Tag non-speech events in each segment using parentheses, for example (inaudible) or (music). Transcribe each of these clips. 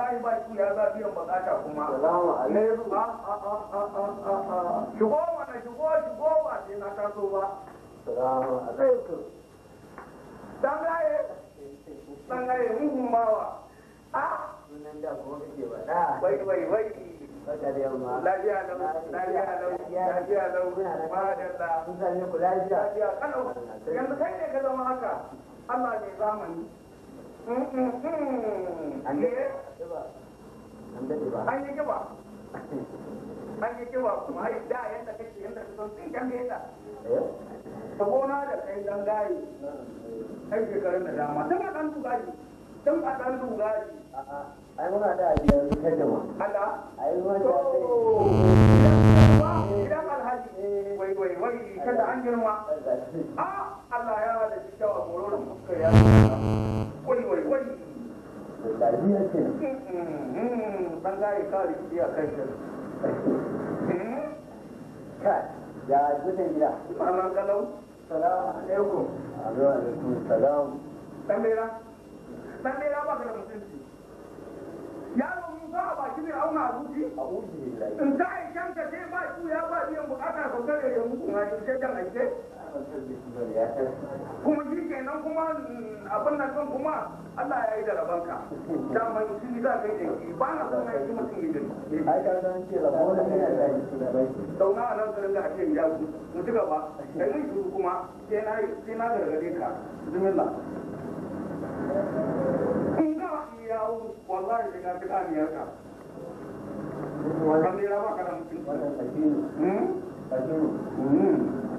wallahi ba shi ya za biyan bukata kuma salamu alaikum eh, ah, ah, ah, shigo mana shigo shigo ba sai na taso ba salamu alaikum dan gaye dan gaye mun wa. a Sunan da kuma kake ba da wai wai wai lafiya lau lafiya lau lafiya lau madalla lafiya kalau yanzu kai ne ka zama haka Allah ne zamani an da kiba (laughs) an yi kiba kuma ai da yadda kake yadda ka son sun kan gaisa eh? ta gona da kai dan gayi kai shekarun da dama tun a ɗan tugaji tun a ai muna da ta jama Allah ai muna da idan alhaji eh. wai wai wai kada an girma kare kawai rikici a kan shi eh? ya gudun gida mama kalau salamu alaikum alaikum salam dan bera dan bera ba ka da mutunci yaro mun ba a baki ne auna a zuci a uji in ta aiken ka ce ba su ya ba biyan bukata ka kare ya mutu na shi ce kan aike kuma shi kenan kuma mm, abin nan kan kuma Allah ya yi da rabanka da mai shi za ka yi da shi ba na kuma yanzu mutum yi da ai ka san ce rabon da ya da shi da bai sauna a nan garin da ake ya ku mu ci gaba da yi shi kuma sai na sai na gargade ka bismillah in ga yawo wallahi da ka fita ne yarka kan ne ba ka da mutum hmm? hmm.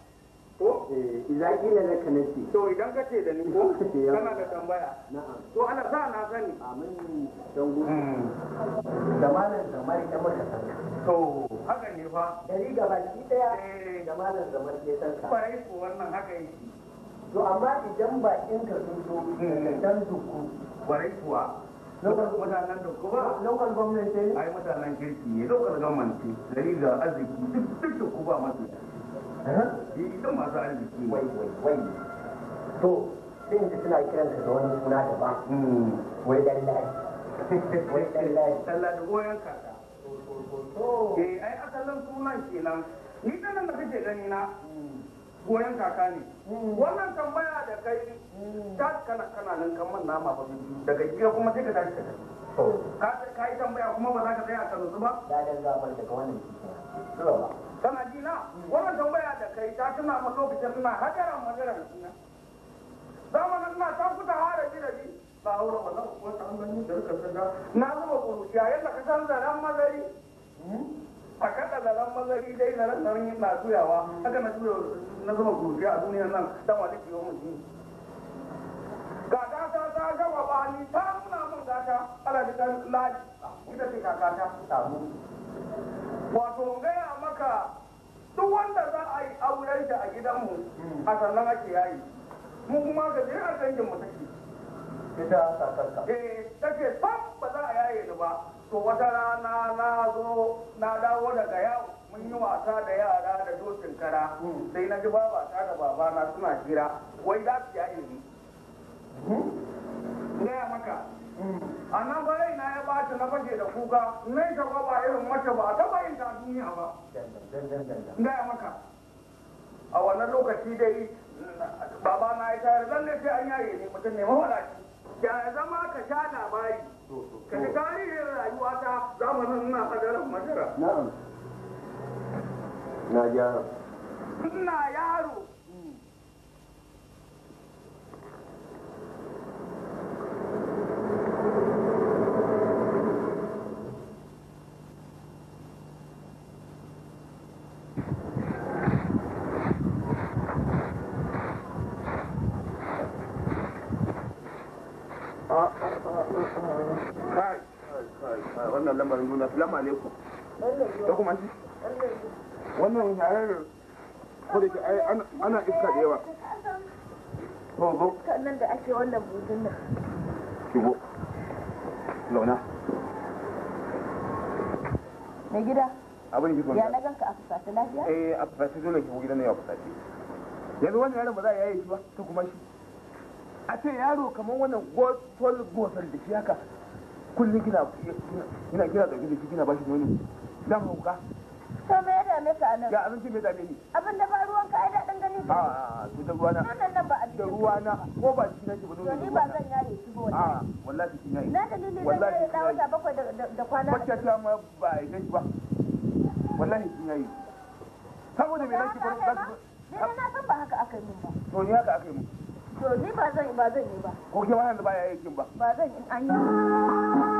ko eh, iza ne da kanati to idan ka ce da ni ko kana da tambaya na'am to Allah sa na sani amin dan gudu hmm. da malam da mai da maka to haka ne fa dari gaba ki daya eh. da malam da mai ke sanka kwarai ko wannan haka yake to amma idan bakin ka sun zo hmm. dan duku kwarai kuwa lokal mutanen da kuma lokal gwamnati ai mutanen kirki ne lokal gwamnati dari ga arziki duk duk da ku masu Eh? Eh, idan masu arziki wai wai wai to sai yanzu suna kiransa da wani suna da ba hmm. wai lallai (laughs) wai lallai lallai (laughs) da goyon kaka eh ai asalin sunan kenan ni ɗanan da kake gani na goyon kaka ne hmm. wannan tambaya da kai hmm. ta kana kana nan kan man nama ba daga gida kuma sai ka tashi ka ka yi tambaya kuma ba za ka tsaya a kanu ba da dan gabar daga wannan kike ba kana na wannan tambaya da kai ta tuna mun lokacin ina hadaran madaran suna zamanin na ta kuta hara ji da ji ba aure wannan ko ta an da rika sanda na zuba kuruciya yadda ka san zaran mazari hmm? a kada zaran mazari dai zaran zaran na tuyawa haka na tuyo na zuba kuruciya a duniyar nan dan wani kiyo mutum gata ta ta gaba ba ni ta nuna mun gata ala da kan laji ita ce kakata ta mu wato gaya haka duk wanda za a yi auren da a gidanmu hmm. a sannan ake yayi mu kuma ga a dangin mu take ita sakarka eh take sam ba za a yaye ni ba to wata rana na zo na dawo daga yau mun yi wasa da yara da dokin kara hmm. sai na ji babata da babana suna hira wai za su yaye ni hmm? gaya maka Mm. a nan ba rai na ya bata na fashe da kuka nai ta ba irin mace ba ta bayin ta duniya ba ya maka a wannan lokaci dai baba na ya tayar lalle sai an yaye ne mutum ne mawadaci ya zama ka sha labari ka ji tarihin rayuwa ta zamanin na kadarin madara na gyara ina yaro wannan lamarin juna salamu alaikum ta kuma shi wannan hayar ko da ke ana iska da yawa to zo nan da ake wannan buzun nan shigo launa mai gida abin ki ya na ganka a fusace lafiya eh a fusace dole ki gida ne a fusace yanzu wannan yaron ba za a yaye shi ba ta kuma shi a ce yaro kamar wannan gosol da shi haka kullum kina kina kira da kike kina bashi nono dan hauka to me ya dame ka nan ya abinci me dame ni abin da ba ruwan ka ai dadin gani ka a to da ruwana nan nan ba a da ruwana ko ba shi nake ba nono ni ba zan yare shi ba a wallahi kin yare na dalili zan yare da wata bakwai da kwana ba ta ma ba ai ganki ba wallahi kin yare saboda me nake ba ni na san ba haka aka yi mun ba to ni haka aka yi mun to ni ba zan ba zan yi ba ko ke wannan da baya yakin ba ba zan yi an yi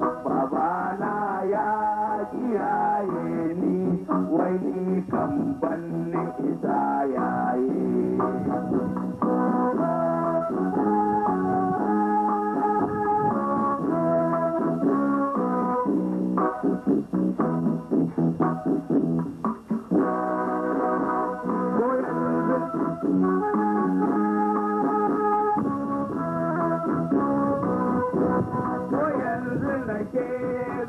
babana ya kiyaye ni wai ni kan ni yaye sake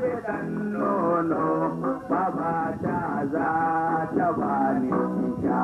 bidan nono baba ta za ta bani sha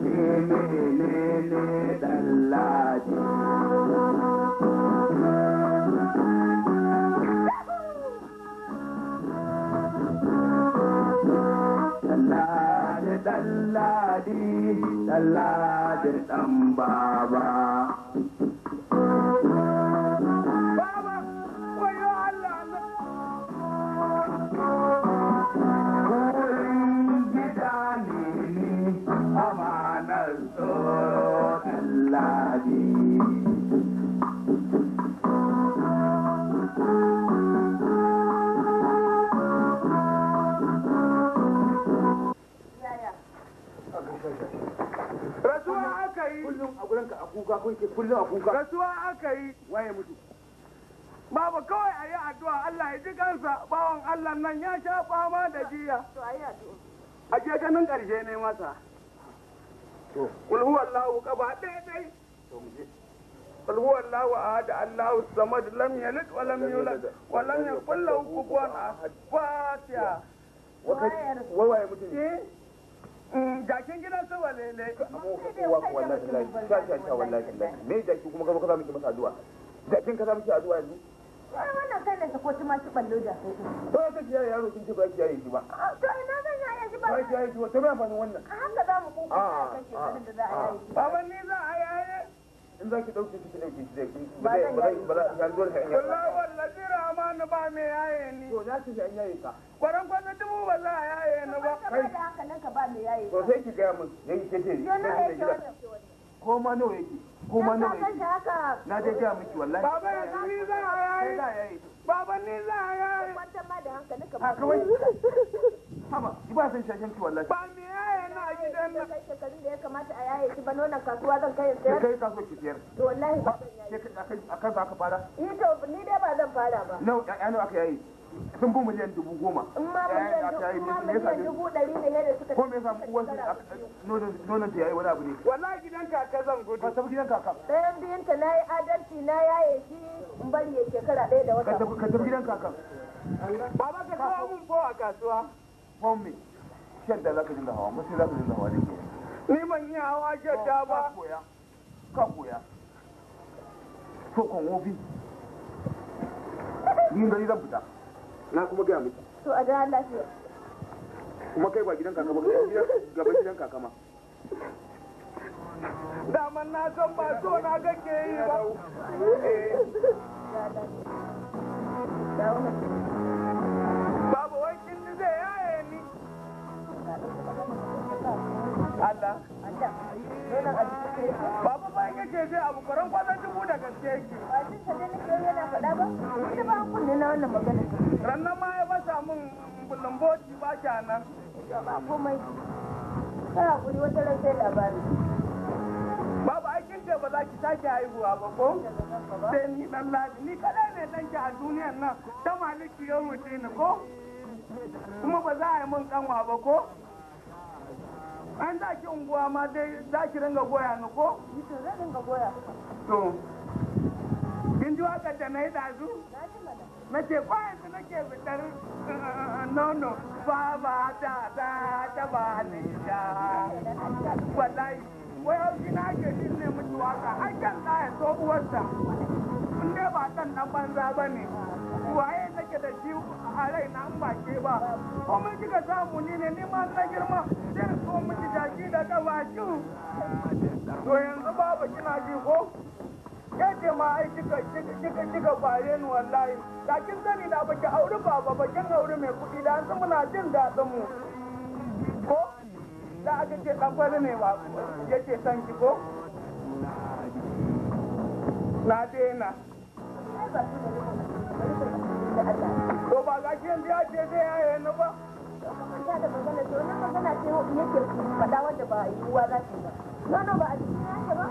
lele lele dallaji dallaji dallaji dan baba rasuwa aka kullum a kuka kuka rasuwa aka yi waye mutu kawai a yi addu'a Allah ya ji kansa bawan Allah nan ya sha fama da jiya. To a yi addu'a. A je ganin ƙarshe ne masa. kul huwa Allahu qaba daidai kul huwa Allahu ahad Allahu samad lam yalid wa lam yulad wa lam yakul lahu kufuwan ahad fatiha wai waye mutum jakin gidan su wa lele wallahi wallahi me jakin kuma ka masa addu'a jakin ka miki addu'a yanzu Ai wannan kai ne ta ko tuma ci ballo da kai. To ta kiyaye yaro kin ci ba kiyaye shi ba. To ina zan yaya shi ba. Ba kiyaye shi ba to me amfani wannan. A haka za mu kuka kake ganin da za a yi. Baban ni za a yaye. In za ki dauke shi ki dauke shi zai ki ba zai ba zai ya zo da yaye. Wallahi wallahi Rahmanu ba me yaye ni. To za ki an yaye ka. Kwaran kwana dubu ba za a yaye ni ba. Kai da haka nan ka ba me yaye. To sai ki ga mun yayi ke ce. Ko ma nawa yake? ko ma nawa na je ga miki wallahi baba ni za a yayi baba ni za a yayi kwanta da ka ba kawai haba ki ba san shagen ki wallahi ba me yaye na gidan nan kai shekarun da ya kamata a yaye ki ba nonon kasuwa zan kai sayar kai kasuwa ki sayar to wallahi ba zan yaye akan za ka fara eh to ni dai ba zan fara ba nau ƴaƴa nawa aka yaye sun fi miliyan dubu goma. In ma miliyan dubu ɗari ne yadda suka ko me yasa uwar su nonon ta yayi wani abu ne. Wallahi gidan kaka zan gudu. Ka tafi gidan kaka. Ɗayan biyun ta na yi adalci na yaye shi in bari ya shekara ɗaya da wata. Ka tafi gidan kaka. Baba ka kawo mun ko a kasuwa. Fon me. Shan da za ka dinga hawa, musu za ka dinga hawa ne ke. Ni ban yi hawa shan da ba. Ka koya. Ka koya. So kan wofi. Ni gari zan fita. na kuma gaya miki to a dan Allah kuma kai ba gidan kaka ba gaban gidan kaka ma daman na san ba so na ke yi ba babu wankin da zai yaye ni Allah babu ba yake zai abu kwaron kwazon dubu da gaske yake ba shi ka ne yana faɗa ba ita ba kunne na wannan magana sannan ma ya fasa min bulamboti ba shi nan ba komai kana kuri wata labari babu aikin ce ba za ki sake haihuwa ba ko sai ni dan ladi ni kadai ne dan ki a duniyan nan ta maliki ya wuce ni ko kuma ba za a yi min kanwa ba ko an za ki unguwa ma dai za ki ringa goya ni ko? Ni to ringa goya. To, kin ji wakar da na yi dazu? Na ji na ce kwayan da nake fitar eh, nono ba ba ta ta ta ba ne sha wallahi wai shi na ke shi ne miki waka ai kan da ya so uwarsa in dai ba dan dan banza ba ne waye nake da shi a rai na an ba ke ba ko mun kika samu ni ne ni ma na girma sai so miki jaki da kawashi to yanzu babu kina ji ko ya ma ai kika kika kika bare ni wallahi da kin sani da baki auri baba bakin auri mai kuɗi da yanzu muna jin daɗin mu ko da aka ce dan fari ne ba yake san ki ko na daina ko ba ga kin biya ya ce zai yaye ni ba ta da magana ce wannan magana ce yake faɗa wanda ba yiwuwa za ta yi ba nono ba a cikin yake ba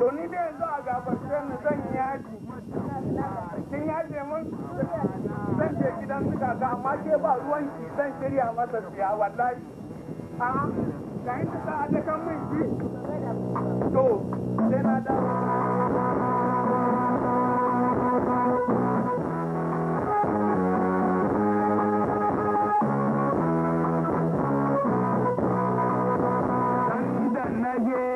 to ni da yanzu a zan yaji kin yaje mun zan je gidan su kaka amma ke ba ruwan ki zan shirya masa siya wallahi a ga inda aje kan min ki to sai na dawo Yeah.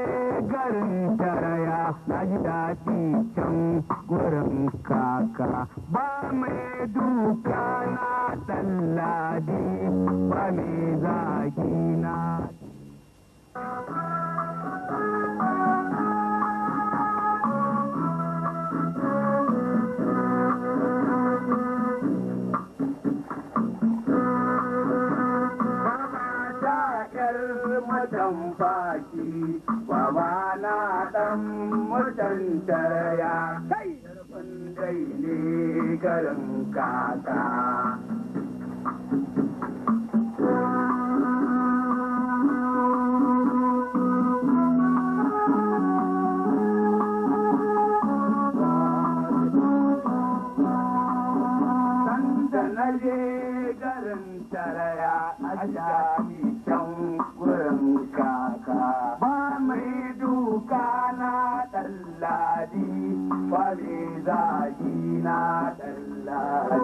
na ji daɗi can gurin kaka ba mai duka na tsalladi ba mai zagi na dan ya taraya kai dai ne garin kaka zagi na dallari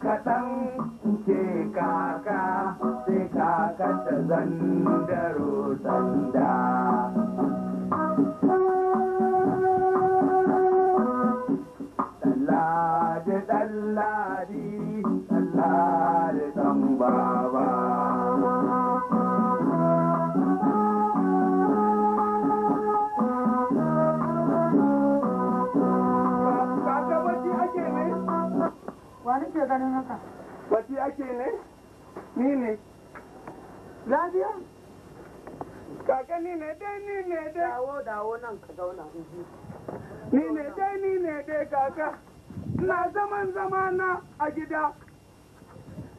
kaɗan ke kaka sai kaka ta zandaro sanda. Dallade dallade nake ganin haka? Baki ake ne? Ni ne. Lafiya? Kaka ni ne dai ni ne dai. Dawo dawo nan ka zauna. Ni ne dai ni ne dai kaka. Na zaman zamana a gida.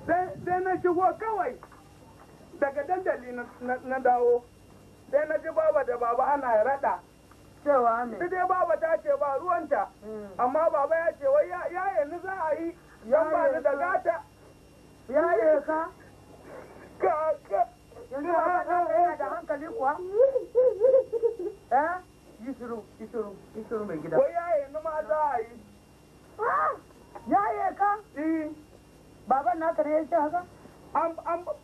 sai na shigo kawai daga dandali na dawo sai na ji baba da baba ana rada cewa ne dai baba ta ce ba ruwanta hmm. amma baba ya ce wai ya yanzu za a yi yan ba ni da gata ya yi ka ka ka yanzu ba ka yana da hankali kuwa (laughs) eh yi shiru yi shiru yi shiru mai gida wai ya yanzu ma za a yi ah! ya yi ka baban naka ne ya ce haka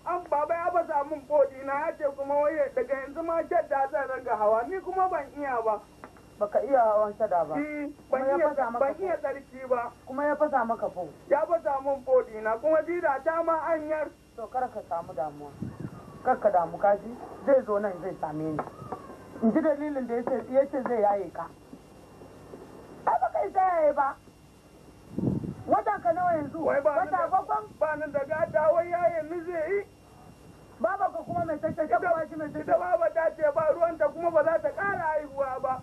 an baba ya ba samun bodi na ya ce kuma waye daga yanzu ma shadda zan ranga hawa ni kuma ban iya ba baka iya hawan shada ba eh, ban iya tsarki ba kuma ya fasa maka fo ya ba samun bodi na kuma dida ta ma an to kar ka samu damuwa karka ka damu kaji zai zo nan zai same ni in ji dalilin da ya ce zai yaye ka ai baka isa yaye ba wata ka nawa yanzu wata bakwai ba nan da gata wai ya yanzu zai yi baba ka kuma mai tace ta kuma shi mai tace baba ta ce ba ruwan ta kuma ba za ta kara haihuwa ba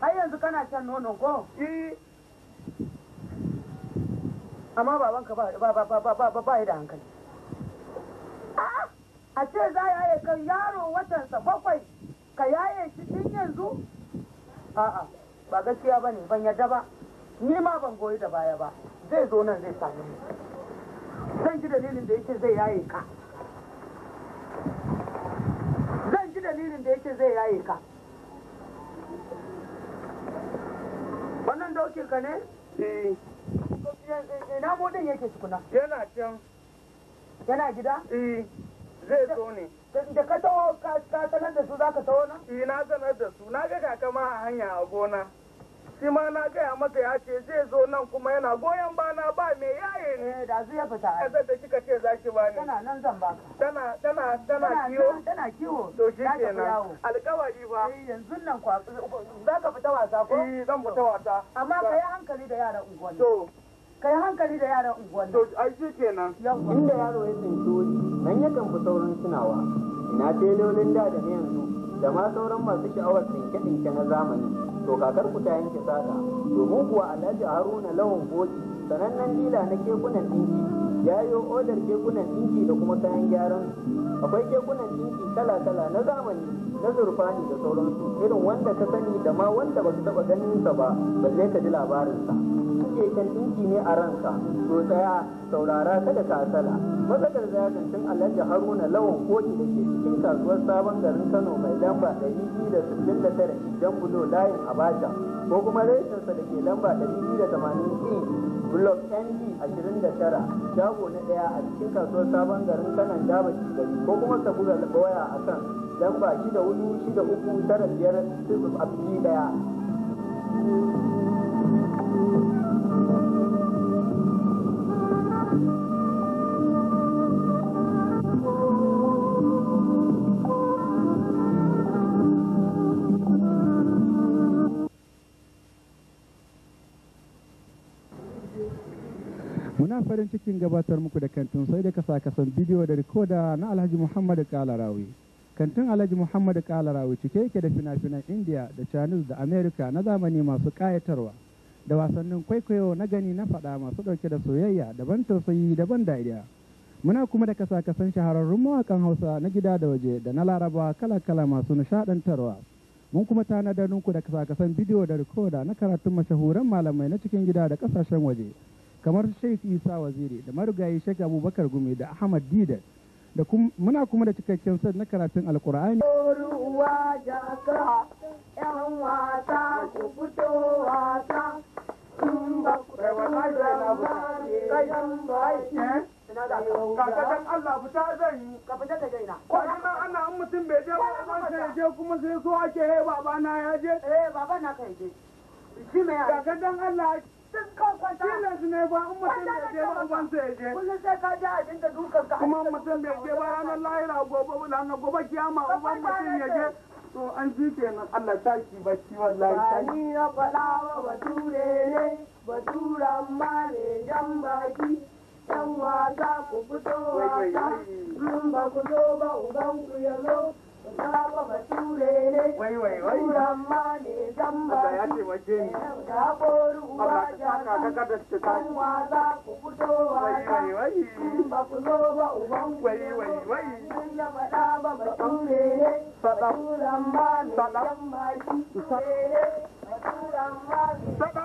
har yanzu kana shan nono ko eh amma babanka ba ba ba ba ba ba ba da hankali a ce za ya yaye kan yaro watansa bakwai ka yaye shi tun yanzu a'a ba gaskiya bane ban yadda ba ni ma ban goyi da baya ba zai zo nan zai sami mu zan ji dalilin da yake zai yaye ka zan ji dalilin da yake zai yaye ka wannan daukin ka ne? eh, eh ina bodin yake tukuna yana can yana gida? eh zai zo ne da ka tawo ka sanar da su za ka tawo na? eh na sanar da su na ga kakama a hanya a gona shi ma na gaya masa ya ce zai zo nan kuma yana goyon bana ba me yaye ne eh da zai fita ai da kika ce shi ba ne tana nan zan baka tana tana tana kiwo tana kiwo to shi nan alƙawari ba eh yanzu nan kwa zaka fita wasa ko eh zan fita wasa amma kai hankali da yaran unguwanni to kai hankali da yaran unguwanni. to ai shi kenan inda yaro ya tsinci wuri nan yakan fi saurin tunawa ina telolin da da yanzu da ma sauran masu sha'awar tsinke-tsinke na zamani to kakar ku ta yanke saka domin kuwa alhaji haruna lawan boki sanannen dila na kekunan dinki ya yi odar kekunan ɗinki da kuma kayan gyaran akwai kekunan ɗinki kala-kala na zamani na zurfani da sauransu irin wanda ka sani da ma wanda ba su taɓa sa ba zai ka ji labarinsa keken ɗinki ne a ranka to tsaya saurara kada ka asala matsakar zagantin alhaji haruna lawan koki da ke cikin kasuwar sabon garin kano mai lamba 269 jan bulo layin abacha ko kuma reshensa da ke lamba 280 blok nd 29 shago na daya a cikin kasuwar sabon garin kanan daba gari ko kuma ta buga waya a kan lamba 6 4 6 tara biyar 5 a daya ina farin cikin gabatar muku da kantin sai da sa kasan bidiyo da rikoda na alhaji muhammad kalarawi kantin alhaji muhammad kalarawi cike yake da fina-finan india da chinese da america na zamani masu kayatarwa da wasannin kwaikwayo na gani na faɗa masu ɗauke da soyayya daban tausayi daban dariya muna kuma da kasa kasan shahararrun mawakan hausa na gida da waje da na larabawa kala-kala masu nishadantarwa mun kuma tanadar ninku da kasa kasan bidiyo da rikoda na karatun mashahuran malamai na cikin gida da kasashen waje kamar sheikh isa waziri da marigayi sheikh abubakar gumi da ahmad dida da muna kuma da cikakken sad na karatun alkur'ani ruwa jaka wasa Allah fita zan yi ka fita ka daina ko kuma ana an mutum bai je ba sai ya je kuma sai so ake he baba na ya je eh baba na kai je shi me ya Allah tilas ne ba in mutum bai ba uban sai je kullum sai ka ji abin da dukan ka kuma mutum bai je ba ranar lahira gobe ranar gobe kiyama uban mutum ya je to an ji kenan Allah ta ki bacci wallahi ta ni ya fada wa bature ne batura ma ne jan baki yan wasa ku fito wasa in ba ku zo ba uban ku ya Baba bature ne, ku ya, ba ku zo ba uban ku yi, na ne,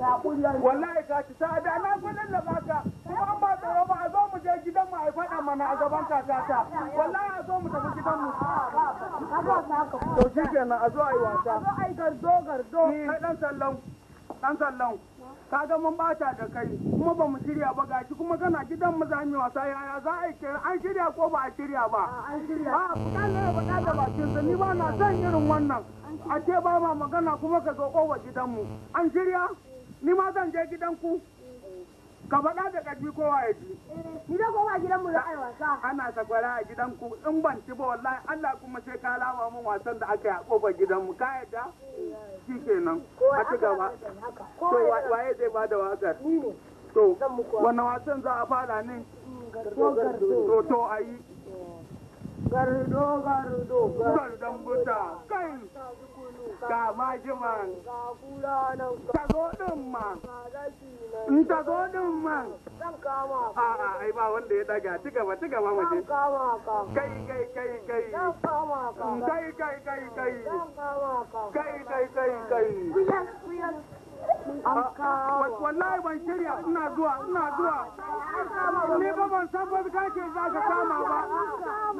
wallahi ka ci ta da na gwanin da baka kuma ba tsaro ba a zo mu je gidan mu a faɗa mana a gaban kakata wallahi a zo mu tafi gidan mu to shi kenan a zo a yi wasa a yi gardo gardo kai dan sallau dan sallau ka ga mun bata da kai kuma ba mu shirya ba gashi kuma kana gidan mu za mu wasa yaya za a yi an shirya ko ba a shirya ba a shirya a kuɗa ne ba da bakin sa ni ba na son irin wannan a ce ba ma magana kuma ka zo kowa gidan mu an shirya ni ma zan je gidanku? ka faɗa da ƙarfi kowa ya ji eh, ni kowa gidan mu za a wasa ana sakwara a gidanku. in ban ci ba wallahi Allah kuma sai ka lawa mun wasan da aka yi a kofar gidan mu ka yadda shi kenan a ci gaba to waye zai ba da wakar to wannan wasan za a fara ne mm, to to ayi. Gardo gardo gardon buta kai ga majiman tazo din ma. in tazo din man a a ai ba wanda ya daga ci gaba ci gaba maje kai kai kai kai kai kai kai kai kai kai kai kai kai wallahi ban shirya ina zuwa ina zuwa ni ba ban san ba ka ce za ka kama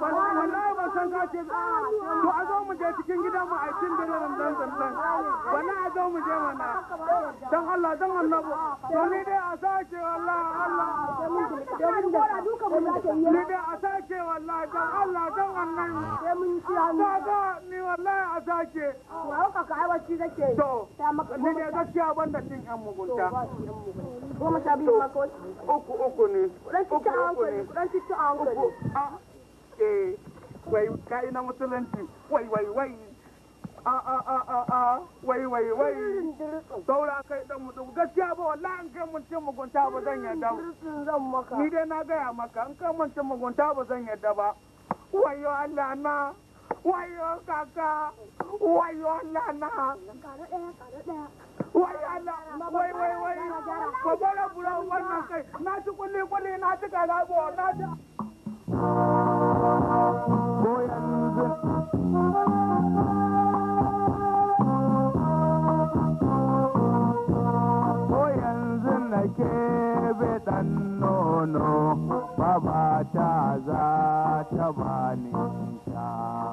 ba wallahi ban san ka ce to a zo mu je cikin gidan mu a cikin daren dan dan dan wani a zo mu je mana dan Allah dan annabi to ni dai a sake wallahi Allah ni dai a sake wallahi dan Allah dan annabi ka ga ni wallahi a sake to ni dai gaskiya bandan din yan mugunta goma sha biyu ma kawai uku uku ne uku uku ne ɗan cikin an uku a eh wai kai na musulunci wai wai wai a ah, a ah, a ah, a a wai wai wai saura kai dan mutum gaskiya ba wallahi an kai mun cin mugunta ba zan yarda ni dai na gaya maka an kai mun cin mugunta ba zan yarda ba wayo Allah na wayo kaka wayo Allah na wai Allah wai wai wai ka kai na ci kulle kulle na ci na ci ko yanzu ko yanzu nake nono za ta bani ta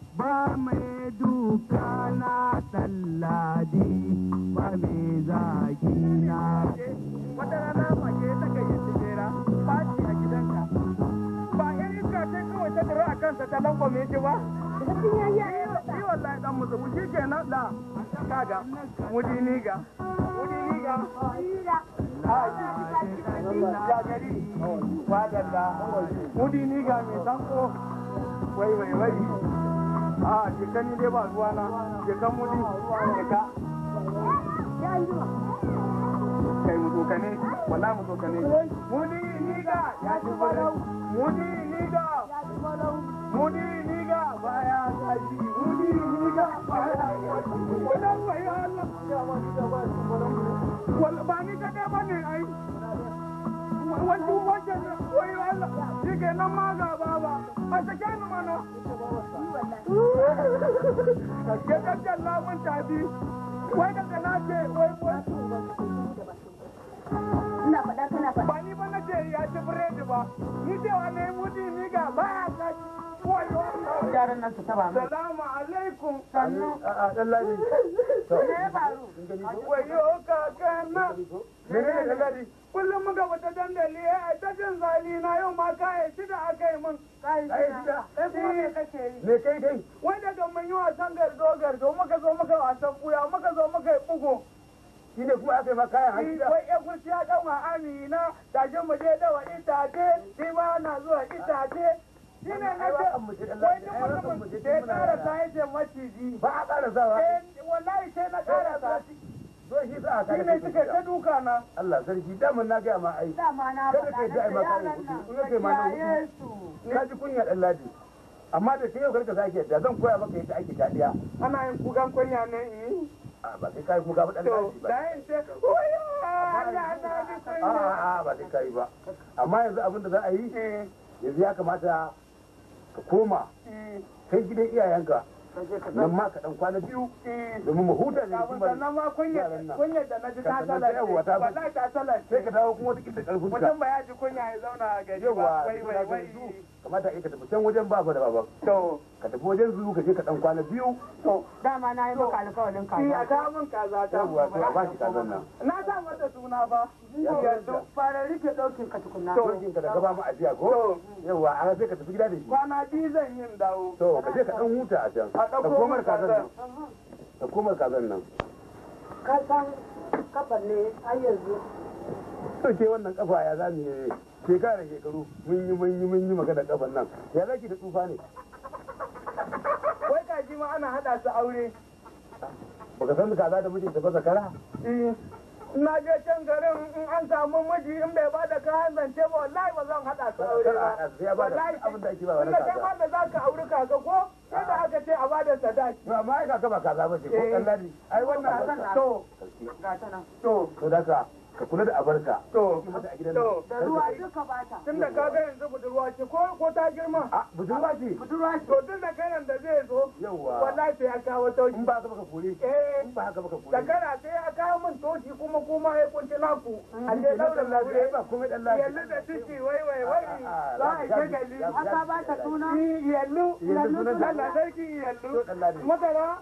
ba mai duka na ɗalladi ba mai zaki na ta faci a gidanka ba irin kawai ta a kansa ta lankwame ba yi wallahi dan musu shi kenan da kaga wadanda mai sanko wai wai wai a ah, je ka ni dai ba ruwa na je ka mudi je ka kai mu zo kane wala mu zo kane mudi ni ya ji barau mudi ni mudi ni baya tashi mudi ni baya wannan bai Allah wala ba ni ka da bane ai wannan wannan kenan ma ga baba a sake ni mana a ke kankan lamun tabi wai da na ce wai wai ina faɗa kana faɗa ba ni ba na ce ya ci biredi ba ni cewa ne ni ga baya ka yaran nan su taba mai salamu alaikum sannu ladi faru wayo kaka na ladi kullum muka fita dandali ya eh, ta jin zali na yau ma kayan shida aka yi min kayan shida me eh. kake yi me kai kai wai daga mun yi wasan gardo gardo muka zo muka wasan kuya muka zo muka yi bugu shi ne kuma aka yi maka kayan shida wai ya kurci ya kan wa amina tashi mu je dawa itace shi ma na zuwa itace shi ne na ce wai duk mutumin da ya karasa ya ce maciji ba a karasa ba eh, wallahi sai na karasa so shi sa ka ne suka ta duka na Allah sarki daman na ga ma ai dama na kada kai da ai ma kai kudu in kai ma na kudu ka ji kunya dan ladi amma da sai yau karka sake da zan koya maka yadda ake dadiya ana yin kugan kunya ne in eh? ba sai kai kuga ba dan ladi ba dai sai oya a a ba sai kai ba amma yanzu abin da za a yi eh. yanzu ya kamata ka koma eh. kai gidan iyayenka nan ma ka dan kwana biyu domin mu huta ne kuma sannan ma kunya kunya da naji ta salar wallahi ta salar sai ka dawo kuma wata kinta karfin ka mutum ba ya ji kunya ya zauna a gari ba wai wai wai kamata a yi ka tafi can wajen baba da baban ka tafi wajen zuwa ka je ka dan kwana biyu to dama na yi maka alƙawarin kaza a kawo min kaza ta ba to ba shi kazan nan na ta mata suna ba yanzu fara rike daukin ka tukunna to kin ka gaba mu ajiya ko yawa a sai ka tafi gida da shi kwana biyu zan yin dawo to ka je ka dan huta a can ka komar kazan nan ka komar kazan nan ka san kafar ne har yanzu ke wannan kafa ya za mu yi shekara shekaru mun yi mun yi mun yi magana kafan nan ya zaki da tsufa ne wai ji ma ana hada su aure baka san kaza da mijin tafi kara. Eh, na je can garin in an samu miji in bai bada ka hanzance ba wallahi ba zan hada su aure ba wallahi abin da ake ba wani kaza kai za ka aure ga ko sai da aka ce a bada sadaki ba ma ai kaza ba kaza ba ce ko kallani eh. ai wannan to ga ta nan to to daka ka kula da abarka to mata a gidan da ruwa duka bata tun da ka ga yanzu budurwa ce ko ko ta girma a budurwa ce budurwa ce to tun da karan da zai zo yawa wallahi sai ya kawo tauki in ba ka baka kore eh in ba haka baka kore da kara sai ya kawo min toshi kuma kuma ya kunce naku mm. a je daular lafiya ba kuma dan lafiya yallu da ciki wai wai wai ah, ah, za a je gali haka ba ta tuna yallu yallu sunan da sarki yallu madara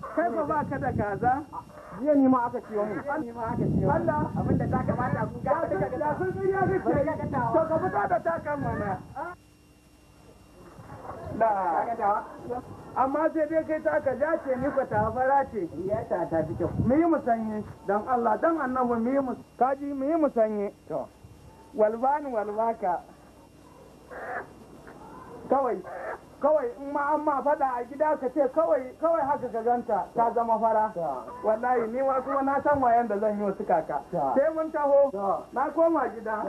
kai ba ba ka da kaza jiya ni ma aka ciwo mu Allah abin ta yi ya to mana amma sai dai kai ta ka dace ni ko ta fara ce ya ta ta fi kyau mu yi musanye dan Allah dan annabi mu yi kaji mu yi musanye to walwan walwaka kawai kawai in ma an ma faɗa a gida ka ce kawai kawai haka ka ganta ta zama fara wallahi ni wa kuma na san wayan da zan yi wasu kaka sai mun taho na koma gida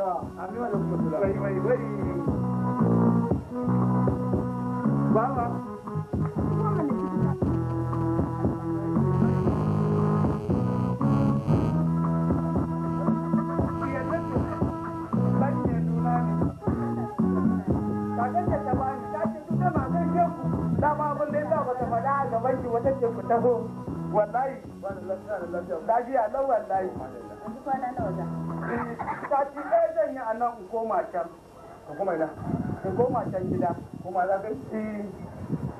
Thank you. taho wallahi lafiya lau wallahi yanzu kwana eh, ɗaya zan yi a nan in koma can ka koma ina in koma can gida kuma za ka ci eh.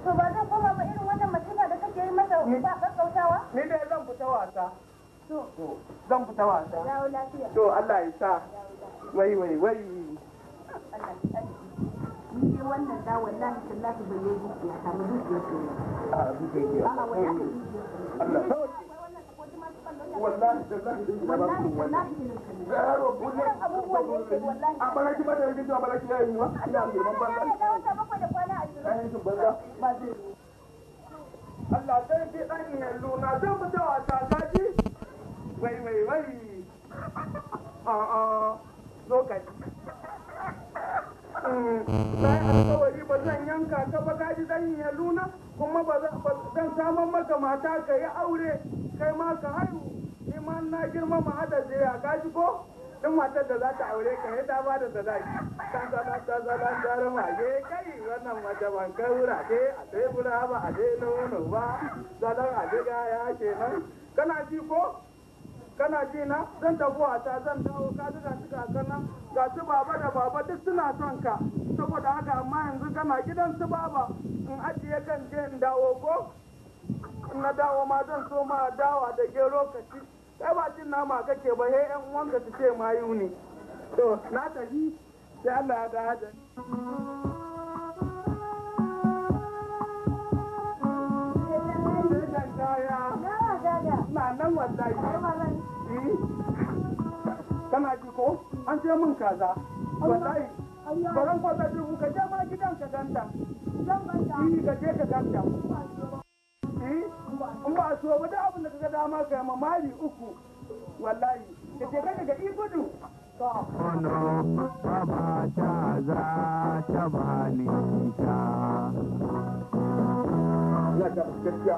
to ba zan koma ba irin wannan masifa da kake yi masa ba kakkautawa ni dai zan fita wasa To zan fita wasa to Allah ya sa wai wai wai Allah ya in saki wannan da wallahi tallahi bai yi ta ce wallahi da wallahi da da wallahi da da da na zan fita wa tasaji wai wai wai (laughs) na alkawari ba zan yanka ka ba ka ji zan ya luna kuma ba zan samar maka mata ka yi aure kai ma ka haihu ni ma na girma ma hada ya ka ji ko duk matar da za ta aure ka ya ta ba da sadaki kan sana ta sana ta mage kai wannan mace ban kai wurare a tebura ba a dai nono ba zalan a diga ya kenan kana ji ko kana ji na zan tafi wata zan dawo ka ji ga cika ga su baba da baba duk suna son ka saboda haka amma yanzu kana gidan su baba in ajiye kan je in dawo ko na dawo ma zan so ma dawa da ke lokaci kai ba cin nama kake ba he yan uwanka su ce mayu ne to na tafi sai Allah ya da hajjani na nan wallahi kana ji ko an je min kaza wallahi baran kwata dubu ka je ma gidan ka ganta yi ka je ka ganta eh? in ba a so ba duk abin da ka ga dama ka yi mamari uku wallahi ka je ka daga igudu Kono baba ta za ta bani ta. Ya ta gaskiya.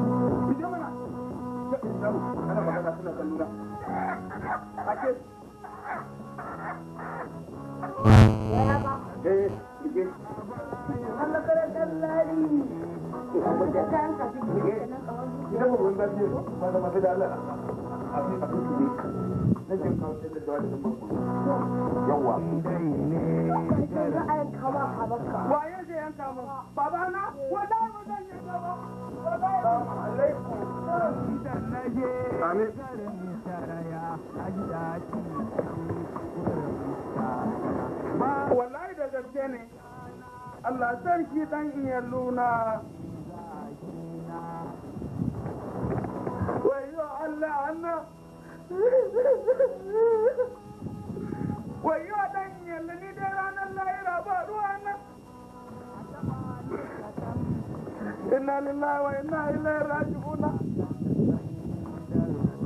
ana magana suna kalluna ake eh dige Allah kare kallari abu da kan ka dige idan mu mun gaje ba da mafi da Allah abin abin dige na jin kawo da dawa da mun yawa dai ne za a kama habaka waye zai yanka mu babana wallahi wallahi ne baba assalamu alaikum Wallahi da gaske ne, Allah sarki ɗan iya luna. Wayo Allah anna. Wayo ɗan iya luni da ranar ba ruwa Inna lillahi wa inna ilaihi raji'una.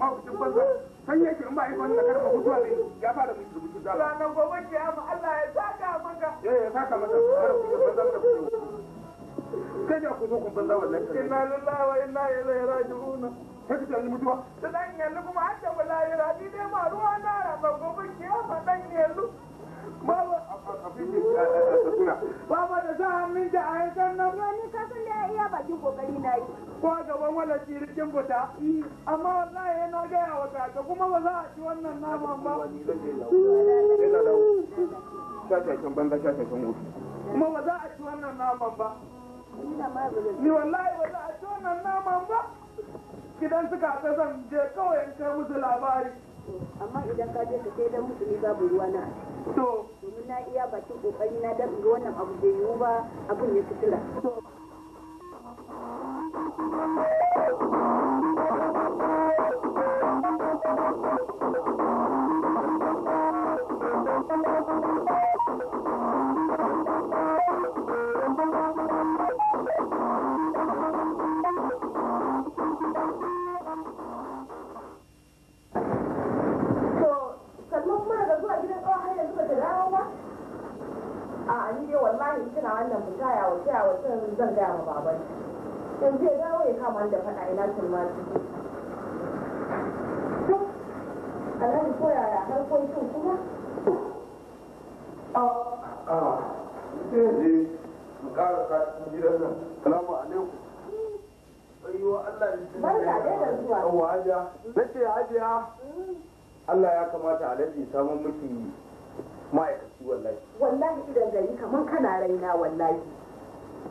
ma ku cin banza san yake in ba yi wannan karfa mutuwa ne ya fara miki rubutu da Allah nan gobe ki amma Allah ya saka maka eh ya saka maka kar ku cin banza da ku kai ku zo kun banza wallahi inna lillahi wa inna ilaihi raji'un sai ku tani mutuwa da dan yanzu kuma har da bala'ira ni dai ma ruwa na ranar gobe ki amma dan yanzu Baba da za hannun da a yankan nan. Yo ni kasan san ya iya bakin kokari na yi. Ko gaban wala cirikin fita. Eh. Amma wallahi na gaya wa kaka kuma ba za a ci wannan naman ba. Shashashin banza shashashin wuce. Kuma ba za a ci wannan naman ba. Ni wallahi ba za a ci wannan naman ba. Gidan suka ta zan je kawai in kai musu labari. amma idan ka je ka sai dan musulmi babu ruwa na to domin na iya bakin kokari na dan ga wannan abu bai yiwu ba abun ya fitila Thank you. A'a ni dai wallahi tana wannan fitaya wa taya wa tun zan gaya ma ya dawo ya kama da faɗa ina tun alhaji harkokin a a je mu ƙara zuwa. Allah ya kamata samun miki ma'aikata. wallahi idan gari kaman kana raina wallahi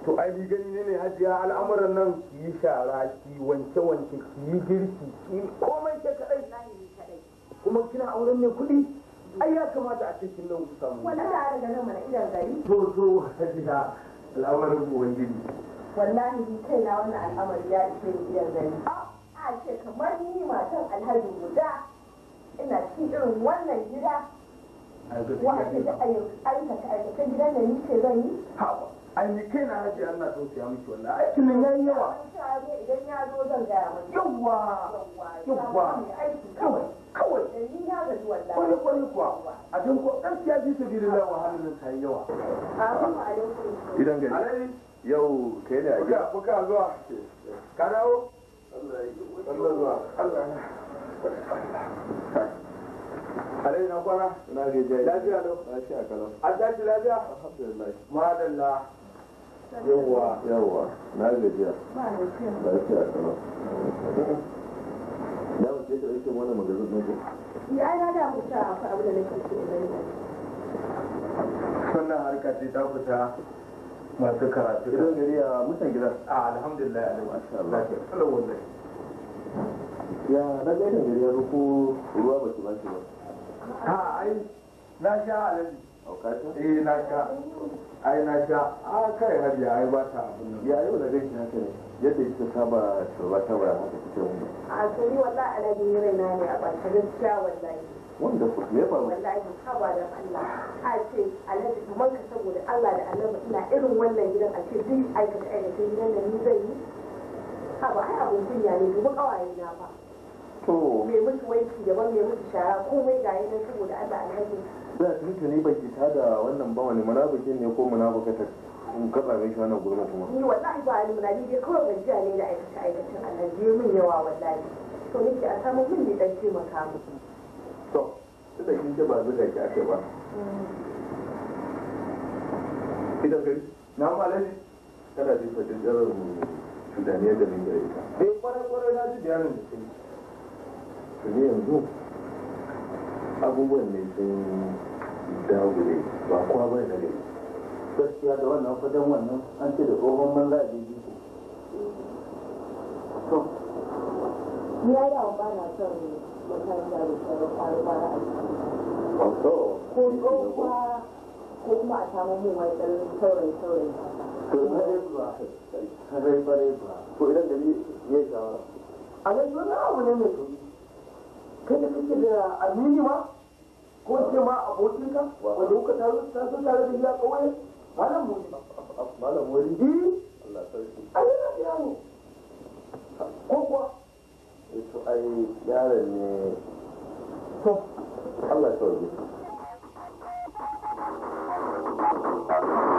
to ai ni gani ne hajiya al'amuran nan ki yi shara ki wanke wanke ki yi girki ki komai ke kadai kuma kina auren ne kuɗi ai ya kamata a cikin nan ku samu wala da daga nan mana idan gari to to hajiya al'amarin ubangiji wallahi ni kai na wannan al'amari ya ishe ni idan gari ah! a ce kamar ni matan alhaji guda ina cikin irin wannan gida wa'azi da aikata aikatan da ce zan yi kai na haji Allah tausaya miki wallahi aikin nan yawa idan ya zo zan gaya maka yawa yawa kawai kawai eh, ni na kuwa a dan ko gaskiya ji ta bilin lawa halin ta yi yawa idan gani yau kai ne a gida buka zuwa ka dawo Allah ya Allah zuwa Allah alai na kwana na ga jayi lafiya lo lafiya kala. an tashi lafiya alhamdulillah madalla yawwa yawwa na ga jiya lafiya kalau da mu ce ta yake wannan magazin din ko ya na da huta akwai abu da nake so gani wannan harka ce ta fita masu karatu idan gari a mutan gidan a alhamdulillah alai masha Allah kalau wallahi ya na ga gari ya ruku ruwa ba su ba a ai na sha alaji E eh, na sha ai na sha a kai hadi ai ba ta abin ya yau da gaishe haka ne yadda kika saba turba ta ba haka kike mu a to ni wallahi alaji ni ne a barka gaskiya wallahi wanda ku ne ba wallahi ka ba da Allah a ce alaji kaman ka saboda Allah da Allah ina irin wannan gidan a ce duk aikata aikata gidan da ni zai yi ha ba ai abun kunya ne duba kawaye na ba mai mutu wanki da daban mai mutu shara komai ga yi nan saboda Allah alhaji da tuntuni ban kita da wannan ba wani munafikin ne ko munafikatar in ka same shi wannan gurma kuma ni wallahi ba ni munafi dai kawai ban ji ne da aikata aikatan alhaji ya min yawa wallahi to nake a samu mun ne dan taimaka mu to tunda kin ce ba zuga ki ake ba idan gari na malami kada ji fadin jarar mu tunaniyar da ni da ita eh kwarai kwarai na ji bayanin da kai ne yanzu abubuwan ne sun dagule ba kuwa bai da rai gaskiya da wannan kudin wannan an ce da tsohon banza a ko ya yi awon son makaranta da sauran kwaru bara a jiki ko tsohuwa ko kuma a samu mun wani ɗan sauran sauran to na ba rai ba ko idan gari ya shawara a gaji wani abu ne mai kai da kake da amini ma ko ce ma abokinka wanda kuka taru ta so tare da iya kawai malam wuri malam wuri eh Allah sarki ai na yaro ko kuwa eh, to ai yaron ne to Allah sarki Thank you.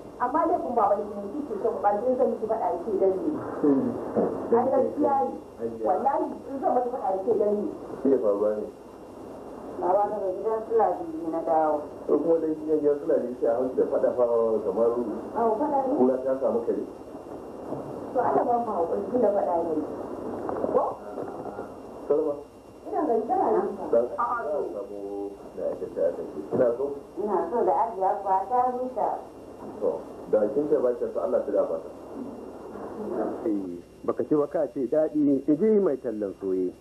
amma laifin baban ki ne kike son ɓarfin zan miki faɗa yake dan ne hmm. ai gaskiya ne wallahi in zan miki faɗa yake dan ne ke baba ne baba ne gidan sulaji ne na dawo ko kuma dan gidan gidan sulaji sai a hanci da faɗa fa kamar kura ta samu kare to Allah ba mu hakuri kila faɗa ne ko salma ina ga ita nan dan a'a sabo da ake ta ake ina so ina so da ajiya kwa ta rusa da kin ce Allah ta dafa ta eh, baka ce baka ce daɗi ji mai tallan soye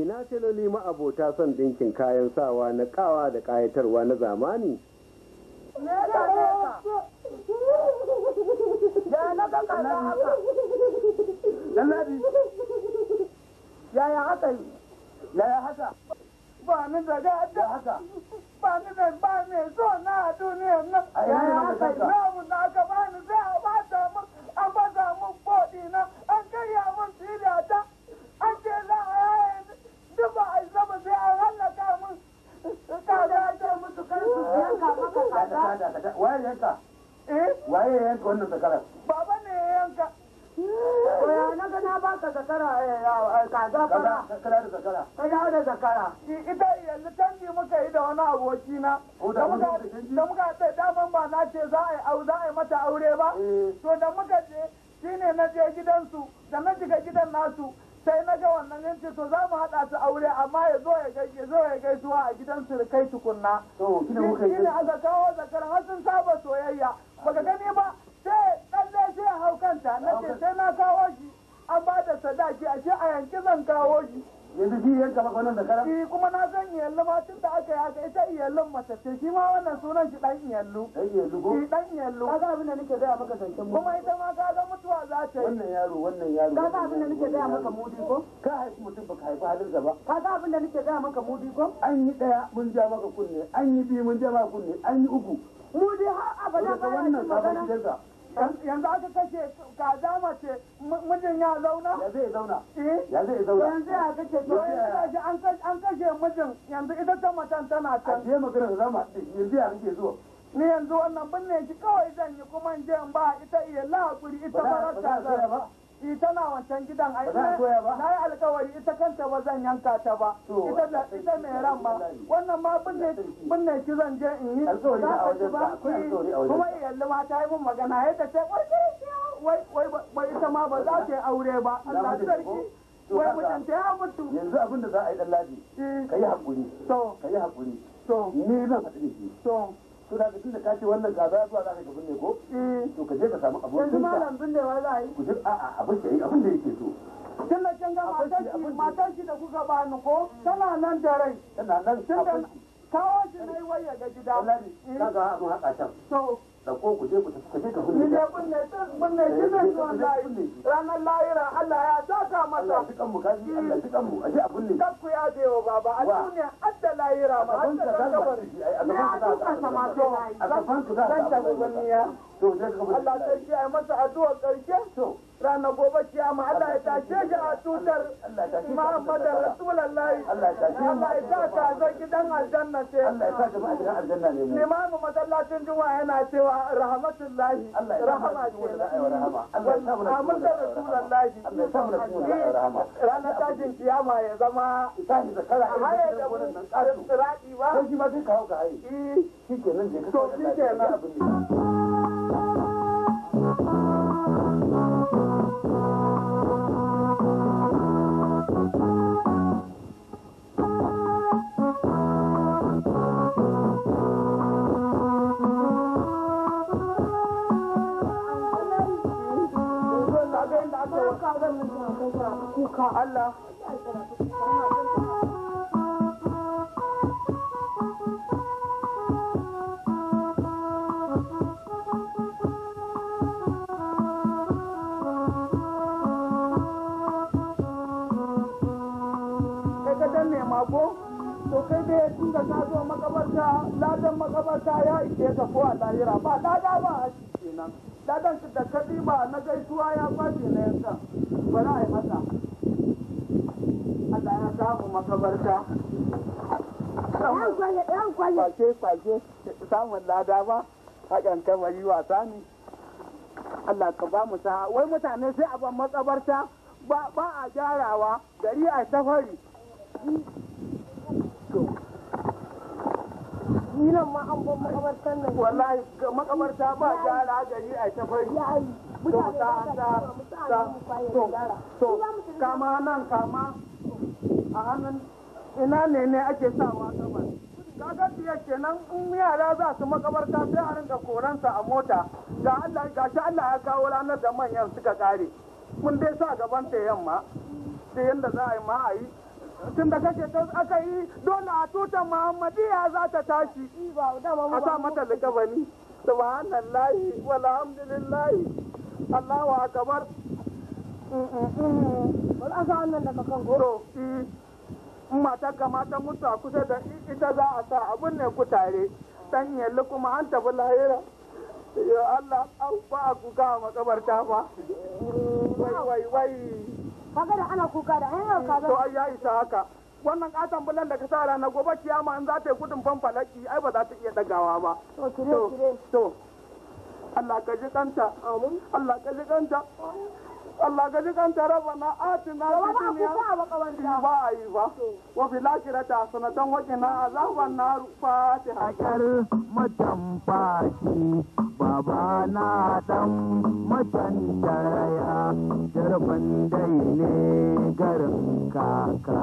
ina teloli ma'abota son dinkin kayan sawa na kawa da kayatarwa na zamani Ya yaya haka yaya haka ba min zaga haka ba ni mai so na a duniyar nan yaya aka yi ramun da aka sai a bata mun an bata mun bodi na an karya mun siriya ta an ce za a yaya duk ba a isa sai hallaka mun ya ce musu kar su yanka maka kaza waye yanka waye yanka wannan baba ne ya yanka to ya na ga na baka zakara eh, eh, kaza fara zakara da zakara kaza da zakara ita yanzu canji muka yi da wani abokina, na da muka ce daman ba na ce za a yi mata aure ba eh. to da muka je shine na je gidansu da na shiga gidan nasu sai na ga wannan yanci to za mu haɗa su aure amma ya zo ya gaisuwa a gidan su kai tukunna to shine aka kawo zakara har sun saba soyayya baka gani ba sadaki a ce a yanki zan kawo shi yanzu shi yanka maka wannan da kara shi eh, kuma na san iyallu ma tun da aka yi haka ita iyallun mace ce shi ma wannan sunan shi dan iyallu dan iyallu ko shi eh, dan iyallu kaga abin da nake gaya maka zancen mu kuma ita ma kaga mutuwa za ta yi wannan yaro wannan yaro kaga abin da nake gaya maka mudi ko ka haifi mutum baka haifi halin ba kaga abin da nake gaya maka mudi ko an yi daya mun ja maka kunne an yi biyu mun ja maka kunne an yi uku mudi har abada ba ya ci magana yanzu aka kashe dama ce mijin ya zauna ya zai zauna eh? ya zai zauna yanzu ya kashe to yanzu an kashe mijin yanzu ita ta matan tana can a je magana da zama yanzu ya rike zuwa ni yanzu wannan binne shi kawai zan yi kuma in je in ba ita iya laƙuri ita ba ta ba ita na wancan gidan ai na yi alkawari ita kanta ba zan yanka ta ba ita da ita mai ran ba wannan ma binne binne ki zan je in yi za ta ba eh, kuma iyalli ma ta yi min magana ya ta ce wai wai ita ma ba za ta yi aure ba Allah sarki wai mutum ta ya mutu yanzu abin da za a yi dan ladi eh. ka yi hakuri ka yi hakuri ni zan da shi to da tunda ka ce wannan gaza ya zuwa za ka binne ko eh. to ka je ka samu abokin yanzu malam binnewa za a yi ku a'a abin da yake abin da yake so tun da can ga matar shi da kuka bani ko tana nan da rai tana nan kawo shi na yi waya ga gida kaga abin haka can dauko ku je ku tafi ku je ka kulle ta. Ni dai kunne shi ne wallahi ranar lahira Allah ya saka masa. Allah dukan mu kaji Allah dukan mu aje a kulle. Kar ya je baba a duniya adda lahira ma adda kabari. A gaban ka za ka ma to a gaban ka za ka. Allah sai ya masa addu'a karshe. To ranar gobe kiyama Allah ya tashe shi a tutar Muhammad Rasulullahi Allah ya sa ka zo gidan aljanna ce Allah ya sa ka zo gidan aljanna ne limamu masallacin juma'a yana cewa rahmatullahi rahama ranar tashin kiyama ya zama tashi da a yi da ba sai ma sai eh. shi kenan je ka to shi kenan kuka Allah da ya makabarta ladan makabarta ya ishe ta ko a lahira ba lada ba a shi kenan ladan da kadi ba na gaisuwa ya kwace na ba bari a yi masa Allah ya samu makabarta yan kwashe samun lada ba hakan wasa ne Allah ka ba mu wai mutane sai a ban matsabarta ba a gyarawa gari a safari nan ma an ban makabartar nan wallahi makabarta ba gyara gari a safari to to kama nan kama a hannun ina ne ne ake wa gabar kaga biyar kenan in yara za su makabarta sai a rinka koransa a mota ga Allah ga shi Allah ya kawo ranar da manyan suka kare mun dai sa gaban ta yamma sai yanda za a yi ma a yi tun da kake ta aka yi dole a tutan Muhammadiya za ta tashi a sa mata likabani subhanallahi walhamdulillahi Allahu akbar bari an sa wannan daga kan goro mata ga mata mutu a kusa da ita za a sa abin ne ku tare dan yalli kuma an tafi lahira ya Allah an ba a kuka a makabarta ba wai wai wai kaga da ana kuka da an kaga to ai ya isa haka wannan katon bulan da ka sa rana gobe kiyama in za ta yi gudun fanfalaki ai ba za ta iya dagawa ba to to Allah ka ji kanta amin Allah ka ji kanta Allah ka ji kan taraba na atina fitiniya ba a yi ba wa lakira ta sanatan wake na azaban na rufa ta hakar matan fashi baba na dan matan taraya jarban dai ne garin kaka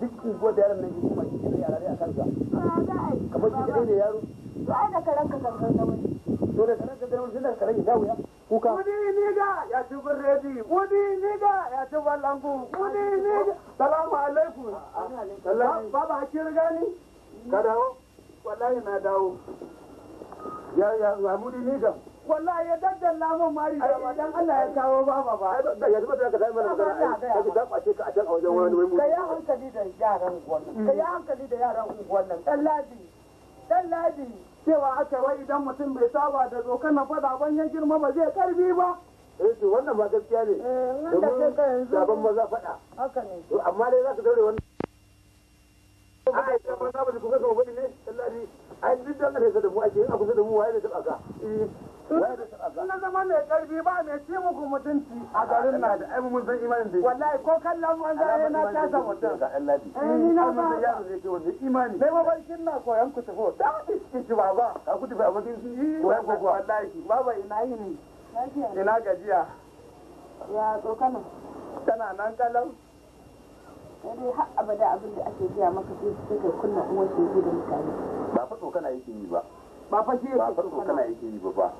duk unguwar da yaran nan ya kuma shi ke a kansa ah, kamar shi kaɗai ne yaro to ai da karanka kankan da wani to da karanka da wani da karanka da wuya kuka kudi niga ya ci birredi kudi niga ya ci ballangu kudi niga salamu alaikum ah, ah, baba hakir gani ka dawo wallahi na dawo ya ya mamudi niga wallahi ya daddalla mun mari da ba dan Allah ya kawo baba ba ai ba yanzu ba da ka sai mana magana ka ta kwace ka a can a wajen wani mai mu kai hankali da yaran gwannan kai hankali da yaran gwannan dan ladi dan ladi cewa aka wai idan mutum bai saba da dokan na fada ban ya girma ba zai karbi ba eh to wannan ba gaskiya ne domin sabon maza fada haka ne amma dai za ka daure wannan a'a ita ma na ba ku ga ne dan ladi ai duk dan da mu ake yin abu da mu waye da tabaka eh na zama mai karfi ba mai ci muku mutunci a garin na da ai mun san imanin da wallahi ko kallon an yana na tasa mutum ga Allah eh, bi ni na ba yaro zai ce wani imani ba barkin na koyan ku tafi da ku ci ci ba ka ku tafi abokin shi ko ko wallahi baba ina yi ina gajiya ya tsokana tana nan kallon dai har abada abin da ake gaya maka sai su take kunna uwar shi da mutane ba fa tsokana yake yi ba ba fa shi yake tsokana yake yi ba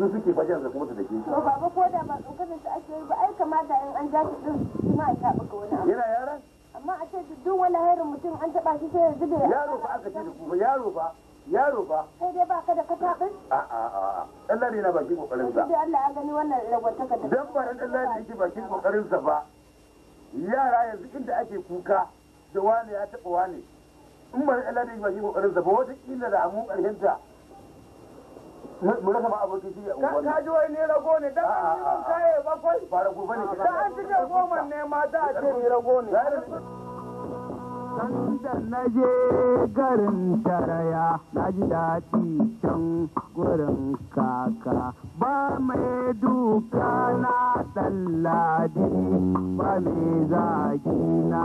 sun suke fashin su kuma su da shi Ba baba ko da ba tsokanin su ake yi ba ai kamata in an ja su din shi ma a taɓa ga wani abu yana yaran amma a ce duk wani hairin mutum an taɓa shi sai ya zube yaro fa aka ce ku yaro fa yaro fa sai dai ka da katabin A'a a'a. a Allah ne na bakin kokarin sa sai Allah ya gani wannan ragwantaka da dan ba dan Allah yake bakin kokarin sa ba yara yanzu inda ake kuka da wani ya taɓa wani in ba Allah ne yake bakin kokarin sa ba wata kila da amu karshen mu rasa aboki shi ka ji wai rago ne yi mun kaye bakwai goma ne ma da a ce ni rago ne garin taraya na ji daɗi can gurin kaka ba mai duka na ɗalladi ba mai zagi na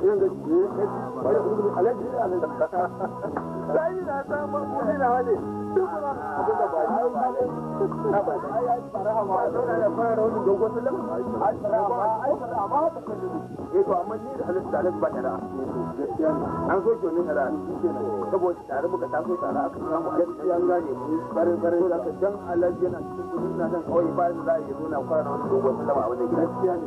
yanzu ne ba da kuma ana ka alaji yana cikin kawai bayan za a yi nuna fara wani dogon sallam a gaskiya ne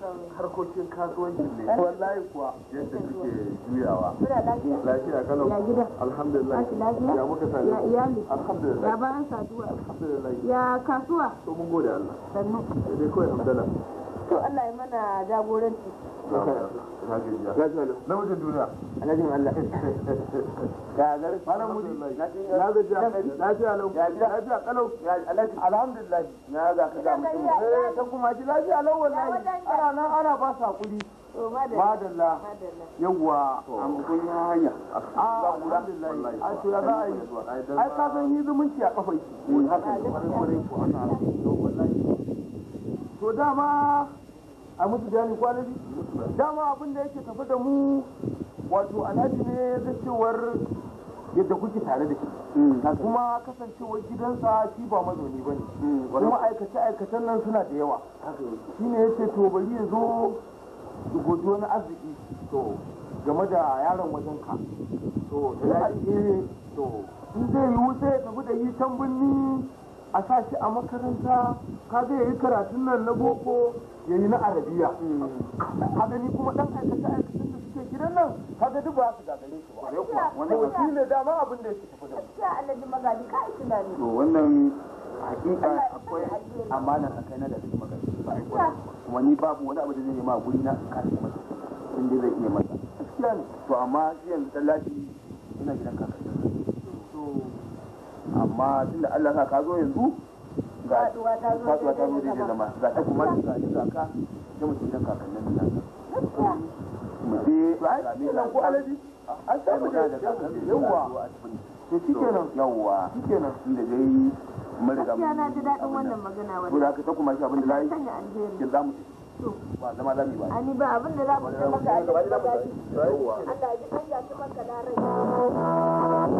kan harkokin kasuwancin ne wallahi kuwa yadda kike juyawa lafiya kano alhamdulillah ya muka sani iyali alhamdulillah ya bayan saduwa alhamdulillah ya kasuwa to mun gode Allah sannu dai kawai alhamdulillah to Allah ya mana jagoranci namijin duniya alhajin Allah ya gari na kalau alhamdulillah na ga ka ga mutum eh ta kuma ji lafiya wallahi ana nan ana ba sa madalla yawwa an kun ya hanya ah, alhamdulillah to ya za a yi ai ka san zumunci a kafai haka ne wallahi to dama a mutu jami kwanaki dama abin da yake tafi da mu wato alhaji ne da cewar yadda kuke tare da shi mm. kuma kasancewar gidansa shi ba mazauni ba ne mm, kuma aikace-aikacen nan suna da yawa shi ne ya ce to ya zo gudu wani arziki to game da yaron wajen ka to eh, to in zai yi wuce ya tafi da yi can birni a sa shi a makaranta ka zai yi karatun nan na boko ya yi na arabiya kaga ni kuma dan aikata aikatan da suke gidan nan kaga duk ba su gagare su ba wani wasi ne dama abin da yake tafi da mu gaskiya alhaji magani ka yi tunani to wannan hakika akwai amana a kai na da duk magani kuma ni babu wani abu da zai yi ma guri na ka yi masa in dai zai iya masa gaskiya ne to amma yanzu tallafi ina gidan kakanni amma tunda Allah ka zo yanzu ga faduwa ta zo daidai zama ga ta kuma da ga ka ta mutum dan kakannin nan mu je ga ni ga ko alaji an ta mu da yawa to shikenan yawa shikenan inda dai mun riga mun ji dadin wannan magana wannan to da ka ta kuma shi abin da zai za mu ba zama za ba ani ba za mu ta maka ai ji kan ya ci maka da rai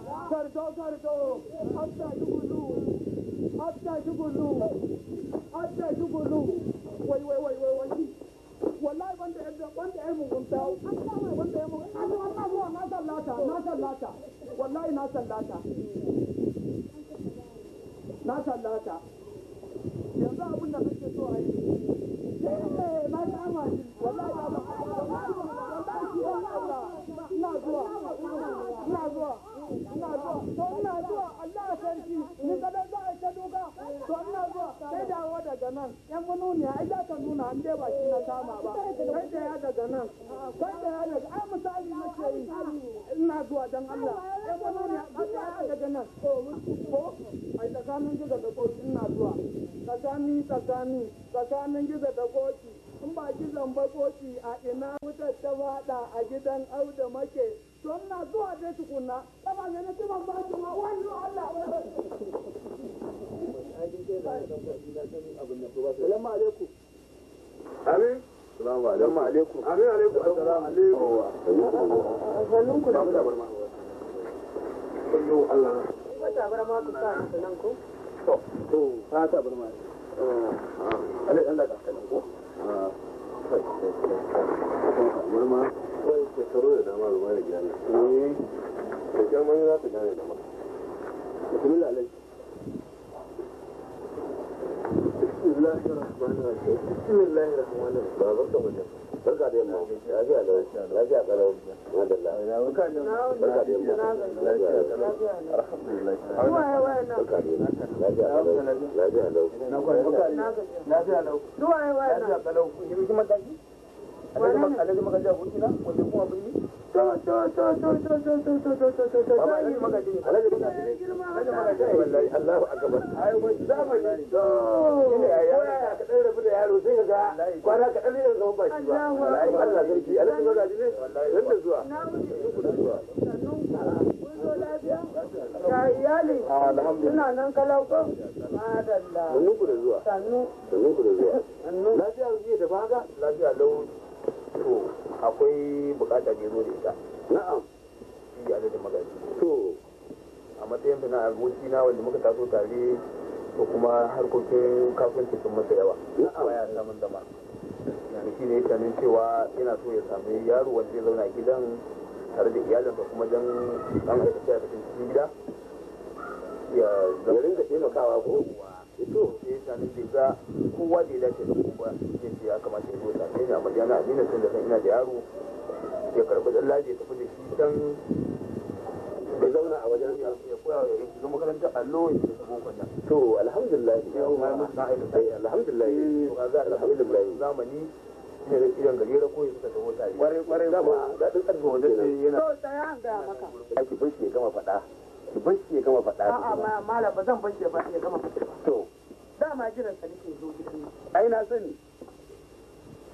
Salgado, Abda Jugulu, Abda Jugulu, Abda Jugulu. Wait, wait, wait, wait, wait. Wallahi wanda ya wanda ya mugunta, an kama wanda ya mugunta. kasuwanci sun masa yawa ba ya samun zama yana shi ne ya tunanin cewa yana so ya sami yaro wanda ya zauna gidan tare da iyalinsa kuma don an aikace a cikin gida ya zarin da taimakawa ko ito ya sami da ga kowa da ya dace da kowa yin ya kamata ya zo sami ni a madina a nina da san ina da yaro ya karɓi ɗan laje tafi da shi dan ya zauna a wajen sa ya koya ya shiga makaranta allo ya shiga boko ta to alhamdulillah yau ma eh, alhamdulillah eh, alhamdulillah zamani ne da idan gari da koyi suka zama tare kware kware da ma dadin karfi wanda ce yana to sai an ga maka bashi ya gama faɗa ki bashi ya gama faɗa mala ba zan bashi ya gama faɗa to dama jiran sa nake zo gidan sani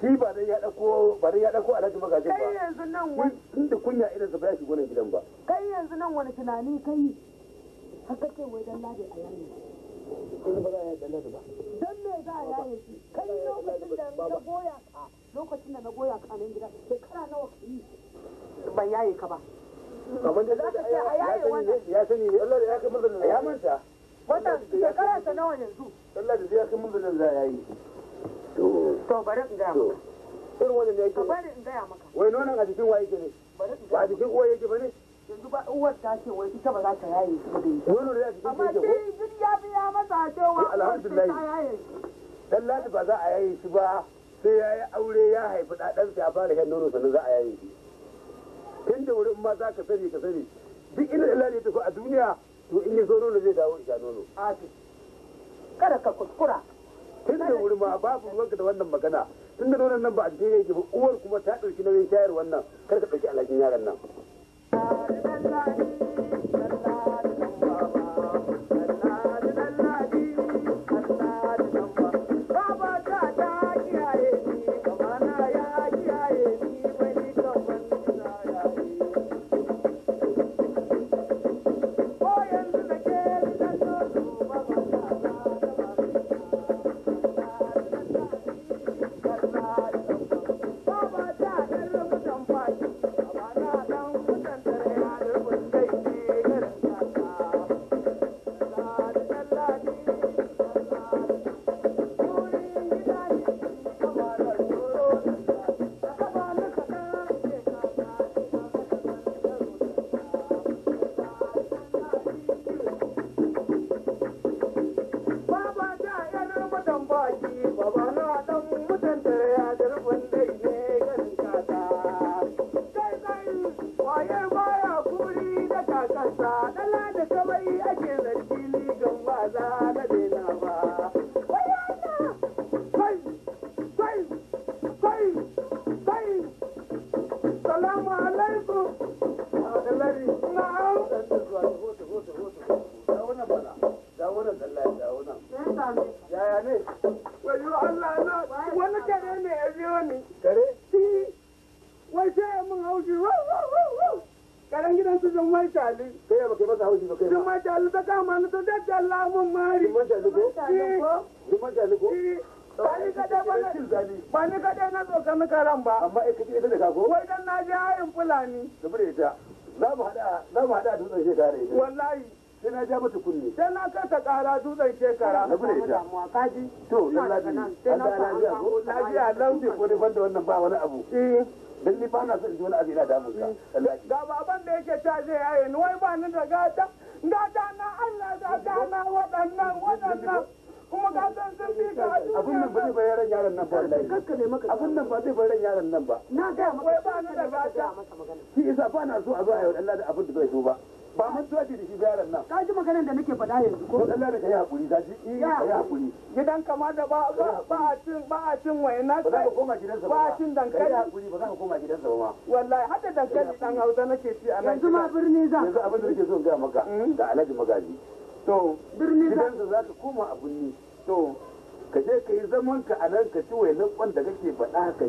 shi ba dai ya dauko ba dai ya dauko alhaji magajin ba kai yanzu nan wani inda kunya irin sa ba ya shigo nan gidan ba kai yanzu nan wani tunani kai haka ce wai dan lade a yayi kuma ba ya dan lade ba dan me za a yaye shi kai lokacin da na goya ka lokacin da na goya ka nan gidan shekara nawa kai ban yaye ka ba kamar da za ka ce a yaye wannan ya sani ne Allah da ya kai mun da ya manta wannan shekara ta nawa yanzu Allah da ya kai mun da ya yaye shi to bari in gaya maka irin wannan ne yake bari in gaya maka wai nonon a jikin waye ke ne ba a jikin uwa yake bane. ne yanzu ba uwar ta ce wai ita ba za ta yaye shi ba dai nono ne a jikin amma dai duk ya biya masa cewa alhamdulillah dan ladi ba za a yaye shi ba sai ya yi aure ya haifi ɗaɗansa ya fara shan nono sannan za a yaye shi tun da wurin ma za ka sani ka sani duk inda Allah ne tafi a duniya to in ya zo nono zai dawo isha nono. Kada ka kuskura tun da wuri ma babu ruwanka da wannan magana tun da nonon nan ba addini yake ba uwar kuma ta ɗauki nauyin shayar wannan kar ka ɗauki alhakin yaron nan. ba ni kaɗai na tsoka ni karan ba amma ai kike ita da ko. wai dan na ji ayin fulani bude ta za mu hada za mu hada dutsen shekara ita wallahi sai na ja mata kunne sai na ta kara dutsen shekara mu ka ji to na lafiya sai na lafiya ko lafiya lafiya ko ban da wannan ba wani abu eh dan ni ba na son ji wani abu yana damun ka eh. ga baban da yake ta je yaye wai ba ni da gata gata na Allah gata na wadannan wadannan. kuma ka san sun bi ka abin nan ba zai bayar yaron nan ba wallahi kakkale maka abin nan ba zai bayar yaron nan ba na ga maka ba ni da ba ta shi isa ba na so a zo a yi Allah da abin da zai zo ba ba mun zuwa da shi yaron nan ka ji maganar da nake faɗa yanzu ko Allah da kai hakuri ka ji eh kai hakuri gidan kama da ba ba a cin ba a cin waina ba za ka koma gidansa ba ba a cin dankali kai hakuri ba za ka koma gidansa ba ma wallahi har da dankali dan Hausa nake ci a nan yanzu ma birni za yanzu abin da nake so hmm? ga maka da Alhaji Magaji to gidansu za ka koma a birni to ka je ka yi zaman ka a nan ka ci wainan kwan da kake faɗa ka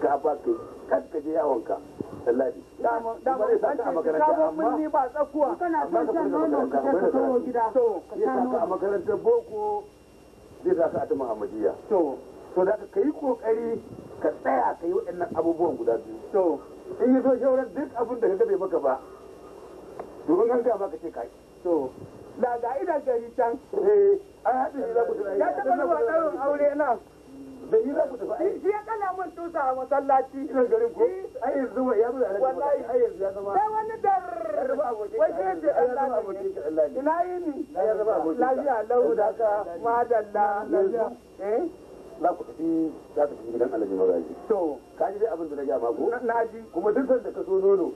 ka ba ka kan ka je yawon ka tallafi dama dama an ce shinkafa birni ba tsakuwa kana son shan nono ka je ka kawo gida to ka sha nono a makarantar boko zai sa ka a ta muhammadiyya to to da ka yi kokari ka tsaya ka yi waɗannan abubuwan guda biyu to in yi so shauran duk abin da ka gabe maka ba domin an ga ba ka ce ka yi to da ina idan can eh, ya zuwa aure na yi za ku shi ya mun tusa a masallaci ina ko yanzu ya wallahi yanzu ya zama sai wani dar ina yi ni ya zama lafiya lau da ka madalla lafiya eh? za ku tafi za ku tafi gidan to ka ji dai abin da na na ji kuma duk da ka so nono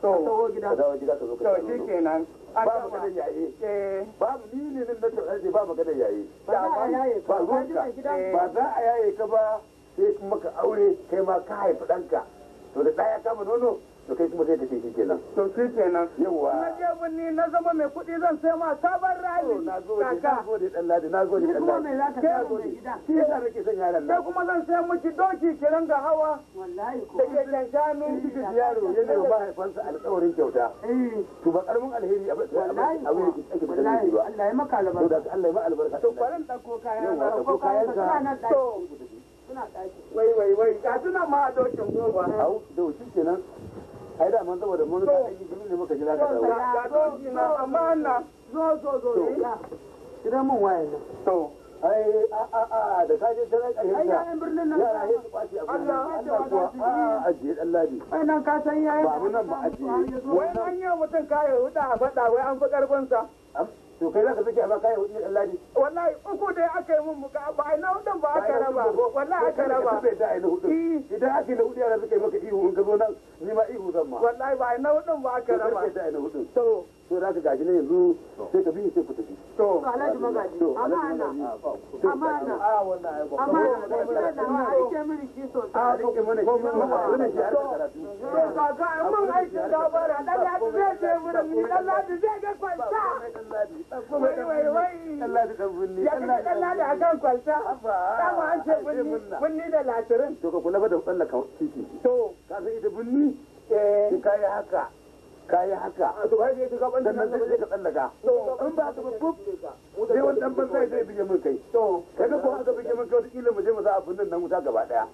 to tawo gida tawo gida ka zo ka to shikenan ba magana yaye eh. ba ni ne nan ta tsaye ba magana yaye ba yaye ba ba za a yaye ka ba sai kuma ka aure kai ma ka haifi danka to da ɗaya kama nono to kai kuma zai tafi shi kenan to shi kenan yawa na je ni na zama mai kuɗi zan sai ma sabon rali na zo da na zo da dan ladi na zo da dan ladi na zo da gida shi yasa nake son yaran nan kuma zan sai miki doki kiran ga hawa wallahi ko da ke kan shanu kike yaro yana ba haifansa alƙawarin kyauta eh to ba karamin alheri a ba a wuri ake ba wallahi Allah ya maka albarka to da Allah ya ma albarka to kwaran da dako kayan dako kayan ka to suna ɗaki wai wai wai ga suna ma dokin goma au dokin kenan ai da man da mun ta aiki gumi ne muka jira ka dawo ga don amma na zo zo zo idan mun waye to ai a da ka je sanar ƙarshen ta yayin yara sai su kwace abin nan Allah a ajiye dan labi ai nan ka mun nan ba ajiye wai an yi mutum kaya huda a faɗa wai an fi karfin sa to kai zaka sake amma kaya hudu dan labi wallahi uku dai aka yi mun muka ba ai na hudun ba aka raba wallahi aka raba bai da ai na hudu idan aka yi na hudu yara suka yi maka in ka nan ni ma ihu zan ma wallahi ba ai na hudun ba aka raba bai ai to da ka gaji ne yanzu sai ka bi sai ku tafi to alhaji magaji amana amana amana da kira da wa aike mini ki sosai a rike mana shi wannan shi har karatu ka ga mun aikin gabara dan zai ni zai ga kwalta wai wai bunni kwalta an ce bunni bunni da latirin to ka kula da tsallaka titi to ka san ita bunni eh kai haka ka yi haka sannan sai ka tsallaka in ba ka bubbu sai wani dan zai bige min kai kaga ko aka bige min kai wata kila mu je mu sa abin nan wuta gaba daya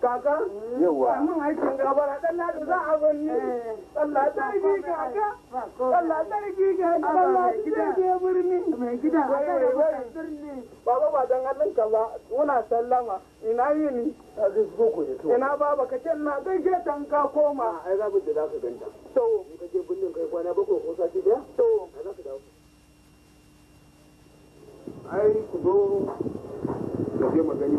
kaka yawa mun aikin gabara dan lado za a banni eh. Allah kaka Allah kaka Allah mai gida a kai baba ba dan Allah ka ba sallama ina yini ina baba ka ce na ka koma ai za da za ganta to ka je kai kwana ko sati to za dawo ai ku zo ka je magani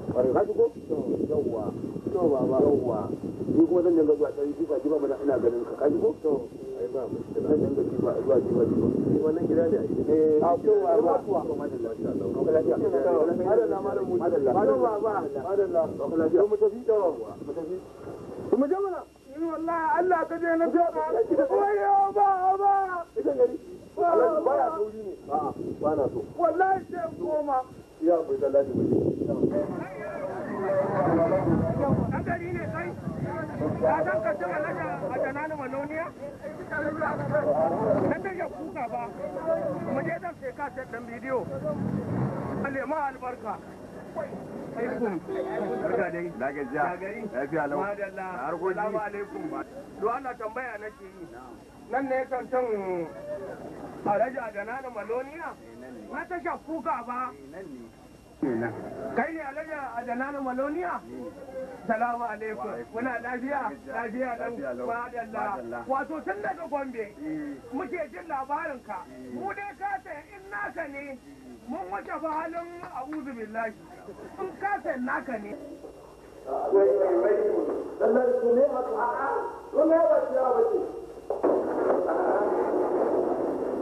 ka ni kuma zan dinga zuwa tsari jifa jifa ganin ka eh, a to baba to wallahi Allah ka a ba koma iya ne ya ka cin alaja a jananin kuka ba je zan sai ka bidiyo alema albarka alaikum barka na Allah tambaya nake yi nan ne kan can a raja da na da maloniya na ta shafuka ba kai ne alaja a janana maloniya salamu alaikum muna lafiya lafiya dan madalla wato tun daga gombe eh. muke jin labarin ka eh. mu dai ka san in naka ne mun wuce fa halin a'udhu billahi in ka san naka ne Lallar su ne a ƙa'a, su ne ba ciya ce.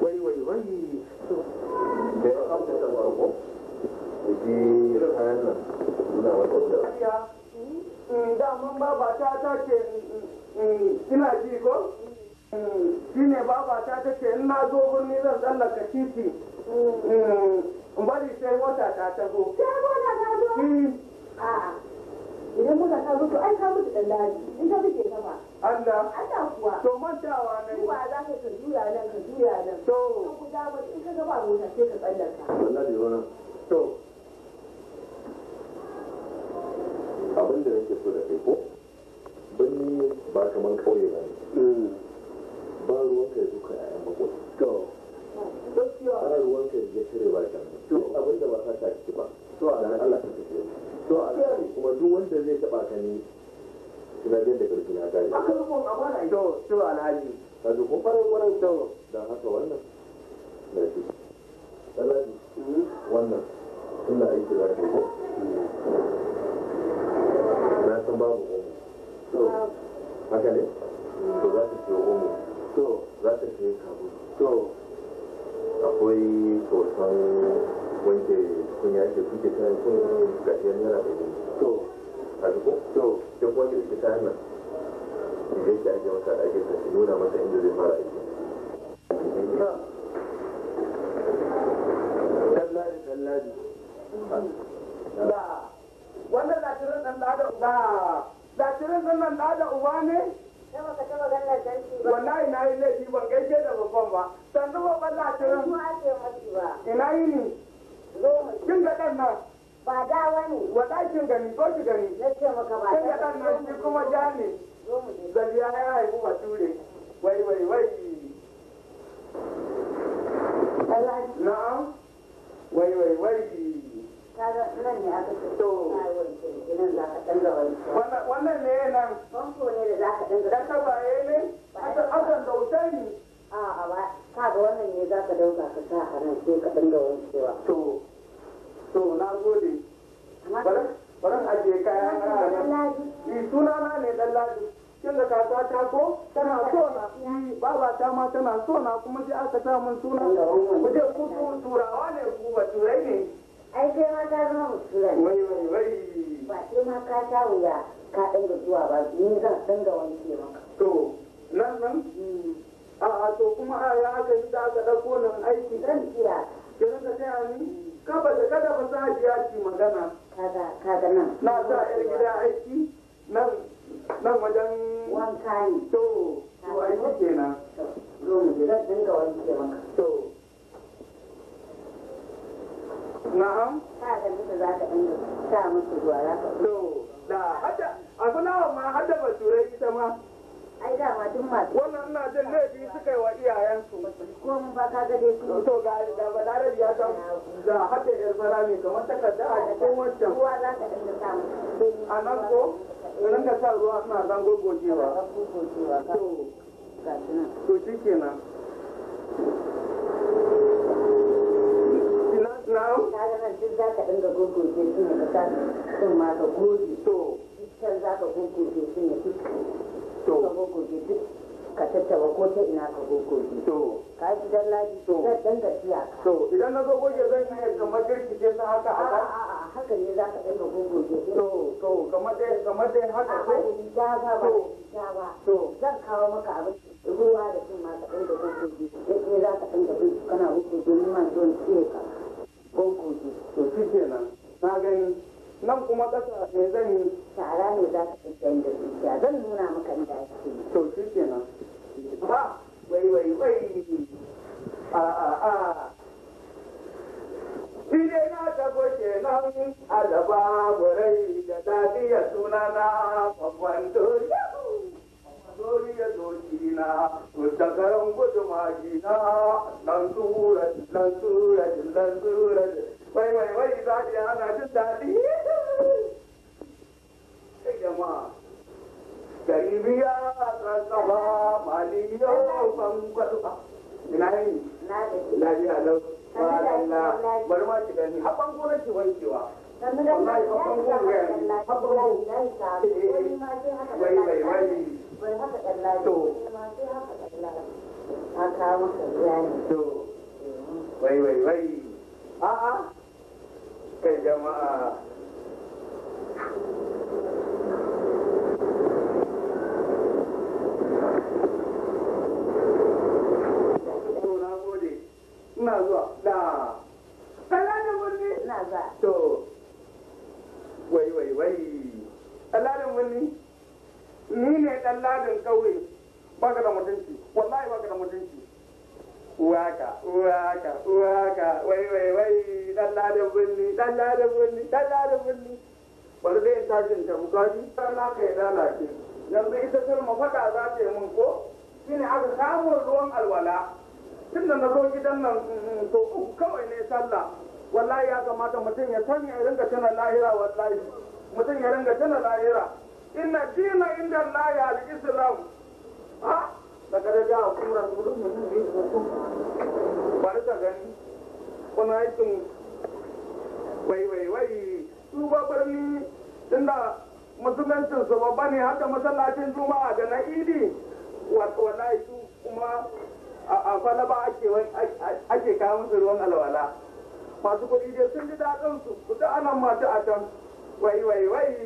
wai wai wai da farko da ji nan ta ta ce ina ji ko shi ne baba ta ta ce na zo birni zan tsallaka titi bari sai wata ta ta zo idan muna ta zo ai ka mutu dan in ta fice gaba Allah Allah kuwa to mantawa ne kuwa za ka ka juya nan ka juya nan to ka guda ba in ka gaba mota sai ka tsallaka wallahi wannan to abin da nake so da kai ko birni ba kaman kauye ba ne mm. ba ruwan ka yanzu ka yayan bakwai to gaskiya ana ruwan ka yanzu ya cire ba ka to abin da ba ka ta ciki ba to a nan Allah ka tafi to a kuma duk wanda zai taɓa ka ne kina jin da karfi na gari akan to to alhaji ka ji kun kwanan haka wannan na shi alhaji mm-hmm. wannan ina aiki da shi mm-hmm. na san babu omo to haka ne to za ka ce omo to za ka ce kabu to akwai sosan wanke kunya ke kuke kan kun gajiyar yana da to a to kin kuma ki ta hanyar da yake ake masa da ka ki nuna masa inda zai fara aiki tallahi uba na yi laifi ban gaishe da babban ba sannu babban ina yi ni kin ɗan nan ba da wani wa ɗakin gani ko shi gani na ce maka ba da ɗan nan shi kuma ja ne zaliya ya haifu bature wai wai wai na'am wai wai wai nan ne aka ce to nan za ka canza wani wannan ne nan famfo ne da za ka canza dan tabaye ne akan dauta ne a'a ba k'a ga wannan ne za ka dauka ka sa a nan sai mata ma tana so na kuma sai aka sa mun suna ku je ku su turawa ne ku ba turai ne ai sai ma ta zama musulmai wai wai wai ba sai ma ka sha wuya ka ɗan zuwa ba ni zan dinga wanke maka to nan nan hmm. a'a to kuma a ya aka yi da aka dauko nan aiki zan kira ki rinka taya ni ba da kada ba sa ji magana kada kada nan na sa yar gida aiki nan nan wajen wanka ne to to ai mu kenan zo mu je zan dinga wanke maka to na'am ka ga musu za ka dinga sa musu zuwa za ka to da hada a kunawa ma hada baturai ita ma ai dama duk masu wannan ina jin laifi suka yi wa iyayensu ko mun ba ka gade su to ga da balarabi ya san da hadda yar kamar takarda a cikin wancan ruwa za ka dinga samu a nan ko nan ka sa ruwa suna dan gogojewa to to shi kenan To. to ka gogoge duk ka tattaba ko ta ina ka gogoge to ka ji dan laji to dan gajiya to idan na gogoge zan iya kamar girkice sa haka a haka ne za ka dinga gogoge to to kamar dai kamar dai haka ko da ba ba da ba to zan kawo maka abin ruwa da cin ma ka dinga gogoge ne za ka dinga bin kana gogoge ni ma don ce ka gogoge to shi kenan na gani nan kuma ƙasa me zan yi shara ne za ka fi da zuciya zan nuna maka inda ce to shi nan ba wai wai wai a a a shi na na tabo nan a gaba burai da suna na babban doriya doriya dokina mutakaran gudu majina nan tura nan tura nan tura wai wai wai za a ana jin daɗi gari biya mali yau ina yi na biya lau bari ma gona wankewa wallahi gona ya yi haɓan gona eh, eh, eh. wai wai wai to wai wai wai a'a kai jama'a faɗa za ta yi mun ko ne aka samun ruwan alwala tun da na zo gidan nan mm, to uku kawai ne sallah wallahi ya kamata mutum ya sanya ya ringa tana lahira wallahi mutum ya ringa tana lahira inna dina inda la ya al-islam ha daga da ja'a kuma bari ta gani kuma aikin wai wai wai su ba birni tunda musulmancin su babba ne hada masallacin juma'a da na idi wala su kuma a falaba ake kawo musu ruwan alwala masu kuɗi dai sun ji daɗin su kuta anan masu a can wai wai wai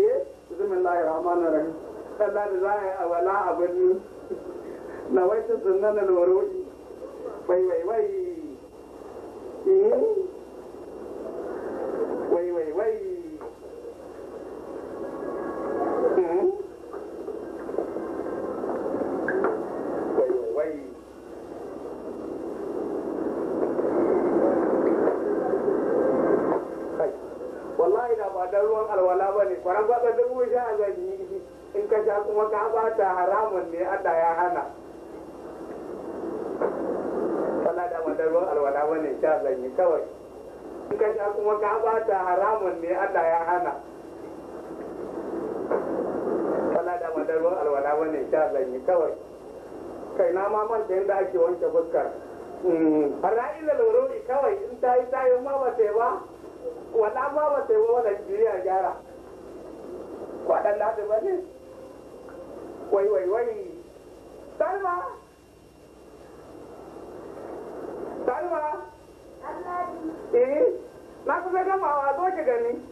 eh bismillahir rahmanir rahim sallah da za a yi alwala a birni na waita sun da loroi wai wai wai eh wai wai wai man yadda ake wanke fuskar har mm, na fara'ilal wurori kawai in ta yi tayin ma ba sai ba wala ma ba sai ba wannan jiriyar gyara kwaɗan lati ba ne wai wai wai salma salma eh na kusa gama wa zo ki gani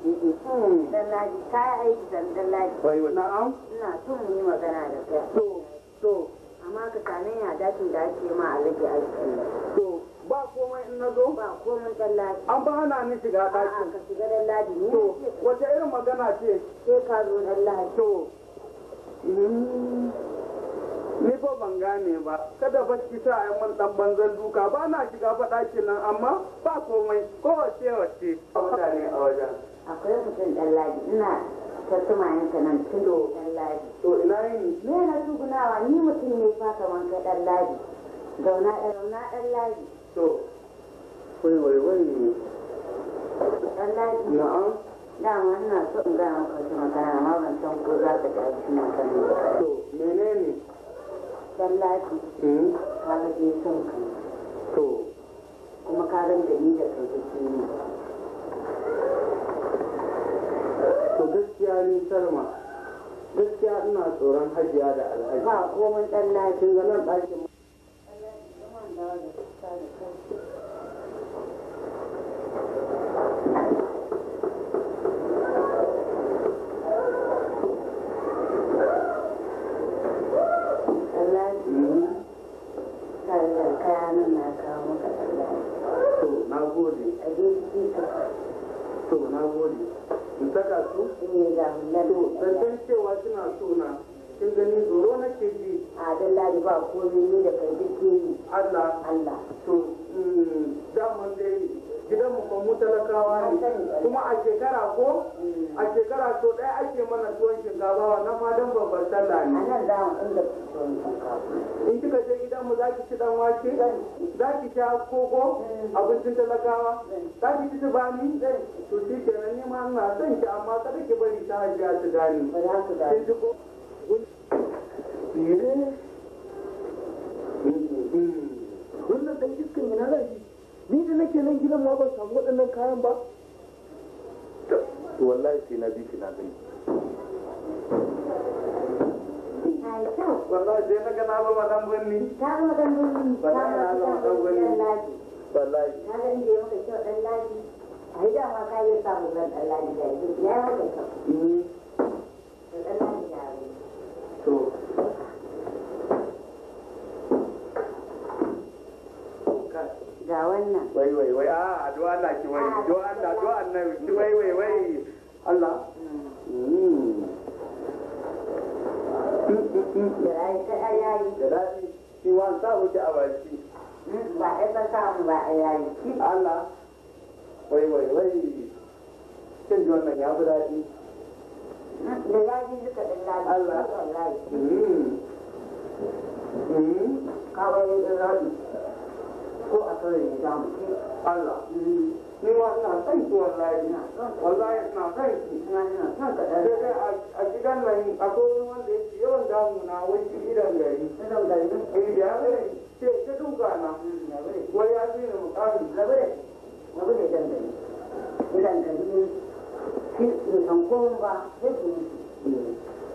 Dallaji, ka yi aiki da dallaji. Wai wani na'am? Ina tun yi magana da kai. To, to. Amma ka same ni a dakin da ake ma alaji aiki, To, ba komai in na zo? Ba komai dan dallaji. An ba hana ni shiga dakin. A'a, ka shiga dallaji. To, wace irin magana ce? Sai ka zo dallaji. To, hmm. ni fa ban gane ba kada fa ki sa ai mun dan banzan duka ba na shiga faɗa nan amma ba komai ko wace mutane a wajen akwai mutum ɗan laji ina ta tumayen ta nan tudo ɗan laji to ina ne me na tugunawa ni mutum ne fa kaman kai ɗan laji zauna ɗan ɗan laji to wai wai wai ɗan laji na'am dama ina so in ga maka wata magana amma ban san ko za ka ga shi magana to menene ɗan laji hmm? ka ga son ka to kuma ka ran da ni da kai kake ne to gaskiya ni gaskiya ina tsoron hajiya da alhaji ba komai dan lafiya nan ɗakin daga saka su? eh to zancen cewa suna so na kin gani tsoro na ke ji a dalla da ba komai ne da kai duk Allah Allah to mm, daman dai gidan mu kuma talakawa ne kuma a shekara ko a shekara to ɗaya ake mana tuwon shinkafa wannan ma dan babbar sallah ne in kika je gidan mu zaki ci dan wake zaki ci koko abincin talakawa zaki ci tubani to shi kenan ni ma ina son ki amma kada ki bari ta hajiya su gane eh. hmm, hmm. kullum dan iskan yana zai ni da nake nan gidan ma ban samu waɗannan kayan ba to wallahi sai na bi ki na gani wallahi sai na gana ba madan ta ga madan birni ta ga madan birni wallahi ta ga inda ya maka kyau dan laji a yi dama ka yi samu dan laji da yanzu ya yi kyau mm. dan laji ya to ga wannan wai wai wai ah, a Allah ki wai ah, Allah Allah ki wai wai wai Allah hmm. Hmm. da rai ta ayayi da rai ki wan sa wuce a baki hmm, ba ai ba sa mu ba ayayi Allah wai wai wai kin ji wannan ya fi da yaji Allah kawai da rai وأثر النظام الله نوع ناتين والله نا والله ناتين هذا أجدان لين أقول من ديون دامنا ويجيران غيري إذا غيري تجدون كنا ويأتينا مقابل لبره لبره جنبه إذا كان في في سنكون با هيك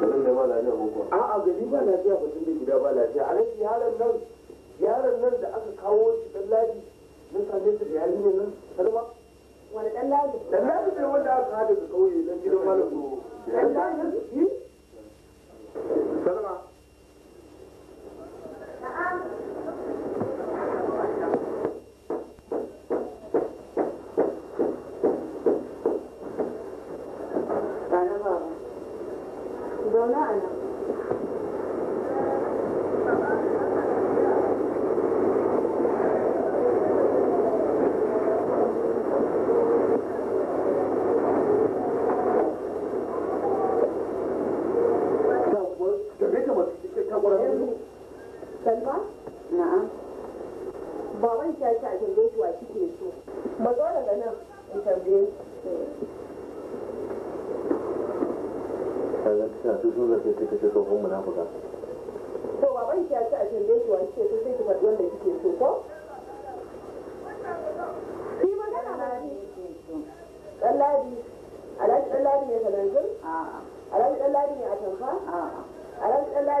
garin da ba lafiya ko kuwa a'a gari ba lafiya ba tun da gida ba lafiya a rage yaron nan yaron nan da aka kawo shi dan ladi mun same shi da yarinyar nan salma wani dan ladi dan ladi ne wanda aka hada da kauye nan gidan malam ko dan ladi hmm? salma 哦。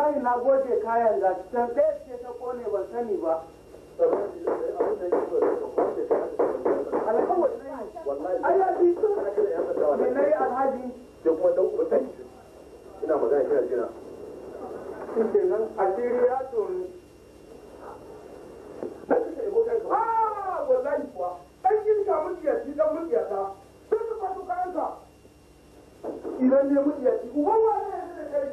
wallahi na goje kayan gashi can ɗaya ce ta kone ban sani ba alkawari ne na yi alhaji da kuma da kuma sani ina magana kina jira ke nan asiri ya tuni na yi idan ne mutiyaci wane da kai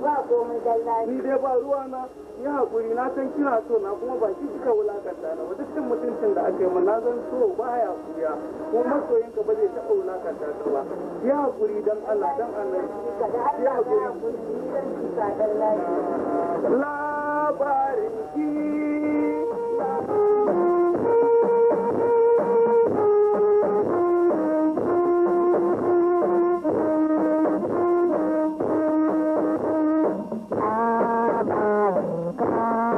ba komai dalla ni dai ba ruwa na ni hakuri na san kina so na kuma ba ki kika wulakanta na duk cin mutuncin da aka yi mun zan so ba ya kuya ko masoyin ka ba zai taɓa wulakanta ka ba ki hakuri dan Allah dan Allah ki labarin ki Bye.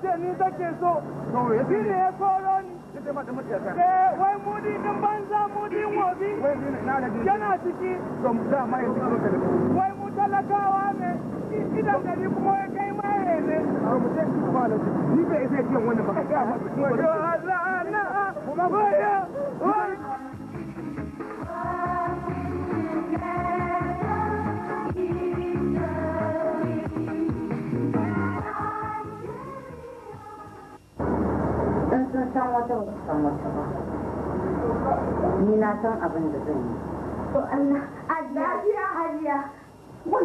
ce ni take so shi ne ya koro ni eh, wai mudi din banza mudi wobi yana ciki wai mu talakawa ne idan gari kuma ya kai maye ne ni bai sai yin wannan ba ka ga ba san wata san wata ba ni na san abin da zan yi to Allah a lafiya hajiya wai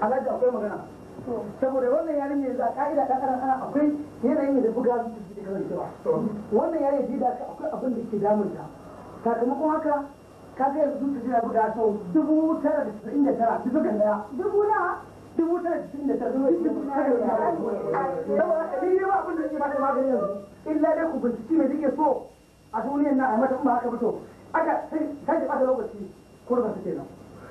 alhaji akwai magana saboda wannan yarin ne a ka'ida ta kana ana akwai yanayin da buga da kan cewa wannan yarin ji da akwai abin da ke damun ta sakamakon haka ka ga yanzu zuciya jira buga sau dubu tara da casa'in da tara dubu kan daya dubu na dubu tara da casa'in da tara dubu tara da tara saboda haka ni ba abin da ke ba da magani yanzu illa dai ku binciki me kike so a duniyar nan a mata in ba haka ba to aka sai ta ji ba da lokaci kurban su kenan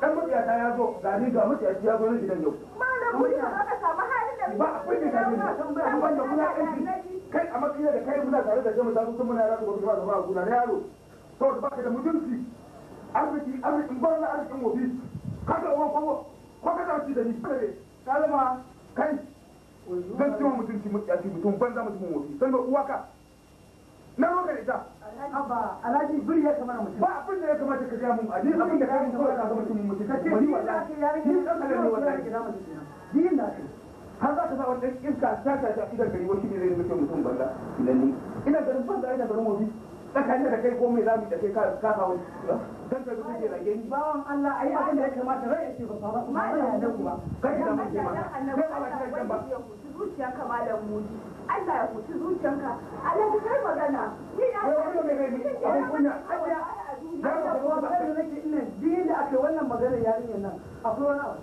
ɗan mutiyata ya zo, ni ga mutiyaci ya zo na gidan yau. Malam mutum aka samu halin da ba a akwai da kafin da wanda kuna aiki kai a matsayin da kai muna tare da jama'a sun muna yara kuma kuma zama a guna na yaro. Saboda baka da mutunci arziki arzikin gwamnati na arzikin wofi kaga uwan kwawo ko ka zarci da ni kare kalma kai gaskiya mutunci mutiyaci mutum banza mutumin wofi sannan uwaka na roƙa ta ba alhaji biri ya kamata mutum ba abin da ya kamata ka gaya mun a jin abin da ka yi kawai ka zama mutum mutum ka ce ni wallahi ni dan kalan ne wallahi na kai har za ka sa wannan iska ta ta ta idan gari wani ne zai mutum mutum balla lalle ina garin ban da ina garin wobi tsakanin da kai ko mai da kai ka ka samu kan ka bawan Allah ayi abin da ya kamata rai ce ba ba ma da nan kuma kai da ma kai ta kan ba zuciya kama mudi Allah ya kuci zuciyanka Allah ka kai magana ni ya kai wannan mai kai abin kunya Allah da ba da nake ina da wannan magana nan akwai wani abu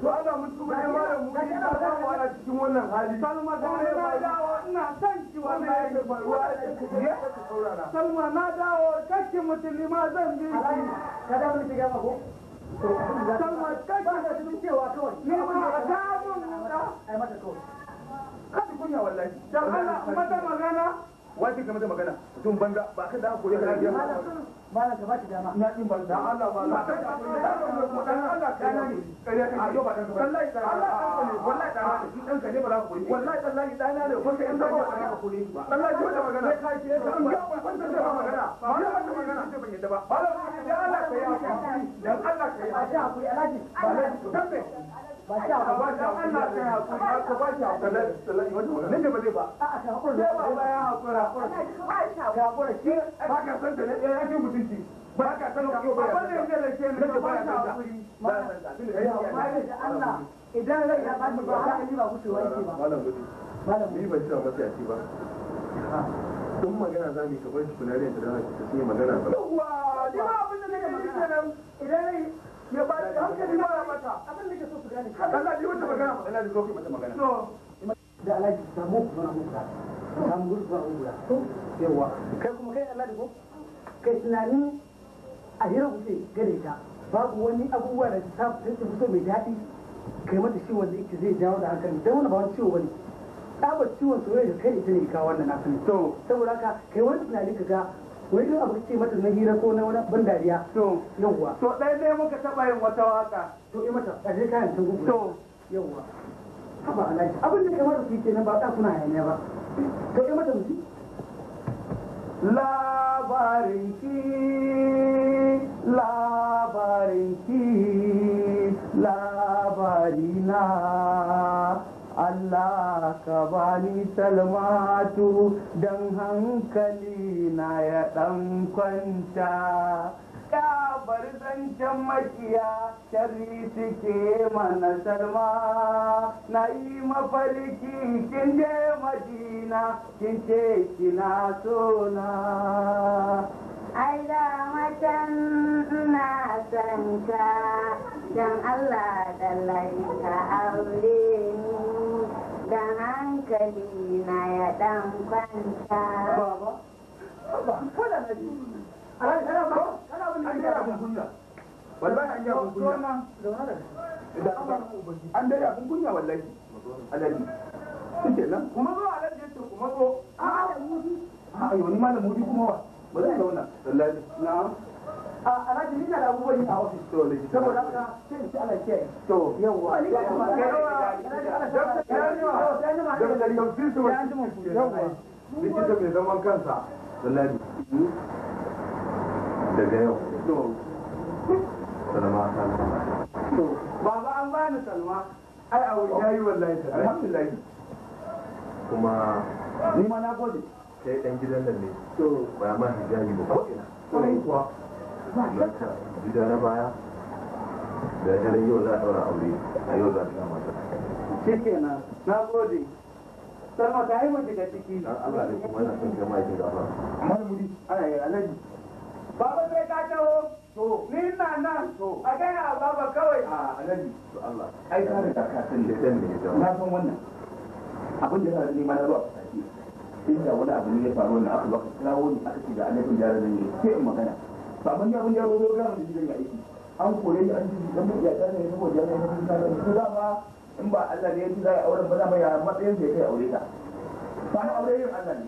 to ana mutu ne ma da mu kai da ta mu cikin wannan hali salma da ne na dawo ina san ki wannan yake faruwa salma na dawo kake mutuli ma zan bi ki kada mu shiga salma kake da cewa kawai ne mun da ta mun da ai mata kawai kada kunya wallahi dan Allah mata magana wace ka mata magana banza ba ka da hakuri ka malam ka ba shi dama na kin ban da Allah ba la dan Allah ka na ni kare ka ayo ba dan wallahi dan Allah wallahi dan Allah dan ka ne ba za ku wallahi dan Allah dan Allah ko sai ba za kuri ba dan Allah magana kai ce dan ga ba da magana ba magana ce ban yadda ba Allah ka yi dan Allah a ji hakuri alaji ba dan ba shi haka ba ba shi a ka ba ya yake ba ni ba ba ba don magana za mu yi kamar shi da dana magana ba. Yawwa, abin da nake idan rai ya ba da hankali ba ya mata abin da ke so su gane ka ji magana ji ba kuma kai Allah a hira kuke gare ta babu wani abubuwa da ta ta fito mai daɗi kai mata shi wanda yake zai jawo da hankali dan wani ba wani ciwo bane tsabar ciwon soyayya kai ita ne kawo wannan nasu ne to saboda haka kai wani tunani ka ga wai duk abu ce mata na hira ko na wani ban dariya to yawwa to dai dai muka taba yin wata waka to yi eh, mata kaje kayan ta gugu to yawwa haba alai abin da kamar su kenan ba ta kuna hayaniya ba to yi eh, mata musu labarin ki labarin ki labarina Allah ka bani salmatu don hankali na ya ɗan kwanta ka bar zancen makiya shari suke mana salma na yi mafarki kin je madina kin ce kina sona Aida, da macen na santa don Allah da ka aure ni da hankali na ya dan kwanta. an yi abin kunya wallahi alaji kuma zo alaji ya kuma zo a alaji a yau ni malam mudi kuma wa ba zai zauna na'am a alhaji nina da abubuwan yi a ofis to ne saboda haka sai in ci ala ke to yawa ya yi ma ya yi zaman kansa lallani daga yau to salama salama baba an bani salma ai a wuri yayi wallahi alhamdulillah kuma ni ma na gode kai dan gidan nan ne ba ma hijabi ba ko ina kuwa gida na baya da daren yau za a daura aure a yau za a ta shi kenan na gode sarma ta haihuwa daga ciki Allah ne kuma yana son jama'a ke gaba marmuri ana yi alaji baba sai ka taho to ni na nan a gaya baba kawai a alaji to Allah ai ka ka san da ne na san wannan abin da zuwa inda wani abu ne ya faru wannan aka baka kawo ni aka ce ga alaikun jara zan yi sai in magana ba ban ya abin yaro zo gama da gidan ya aiki an kore ni an ji dan ya ta ne saboda ya ne ta ne ko dama in ba Allah ne ya ji zai auren ba dama ya matsayin sai kai aure ta ba na aure yin Allah ne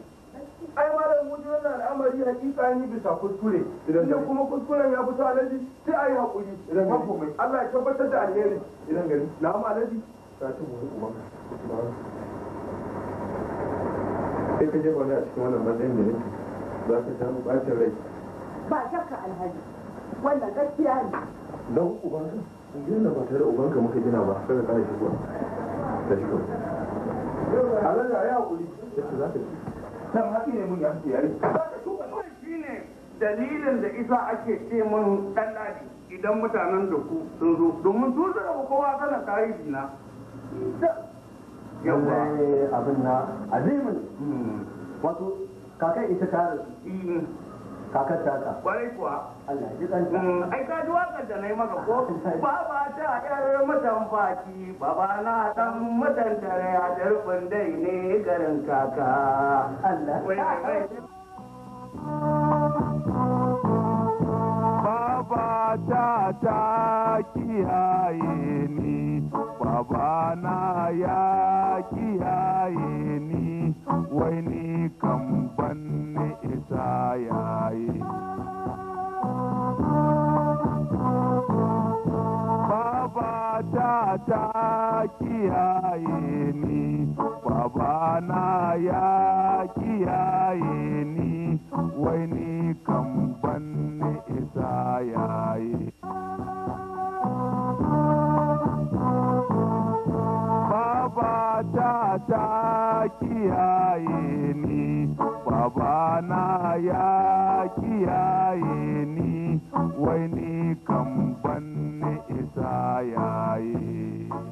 ai ma da mutu wannan al'amari hakika ni bisa kuskure idan da kuma kuskuren ya fito alaji sai ayi hakuri idan ga komai Allah ya tabbatar da alheri idan gari na ma alaji ta ci mu ubanka sai ka jefa wani a cikin wannan matsayin da nake za ka samu bacin rai ba shakka alhaji wannan gaskiya ne dan ubanka gina ba tare da ubanka muka gina ba sai ka kare shi kuwa da shi kawai alhaji a yi hakuri yadda za ka ji nan haƙi ne mun ya fi yare shi ne dalilin da isa ake ce mun ɗan idan mutanen da ku sun zo domin su da kowa sanar tarihi na yawa eh, abin na azimin hmm. wato kakar ita ta rasu hmm. kakar ta ka kwarai kuwa Allah ji kanta hmm. ai ka ji wakar da nayi maka ko (laughs) baba ta yar mutan faki baba na dan mutan tare a darbin dai ne garin kaka Allah Baba ta ta kiyaye ni babana ya kiyaye ni wai ni kan ni isa yaye babata ta kiyaye ni babana ya kiyaye ni wai ni kan ni isa yaye fata ta kiyaye ni babana ya kiyaye ni wai ni kan ban isa yaye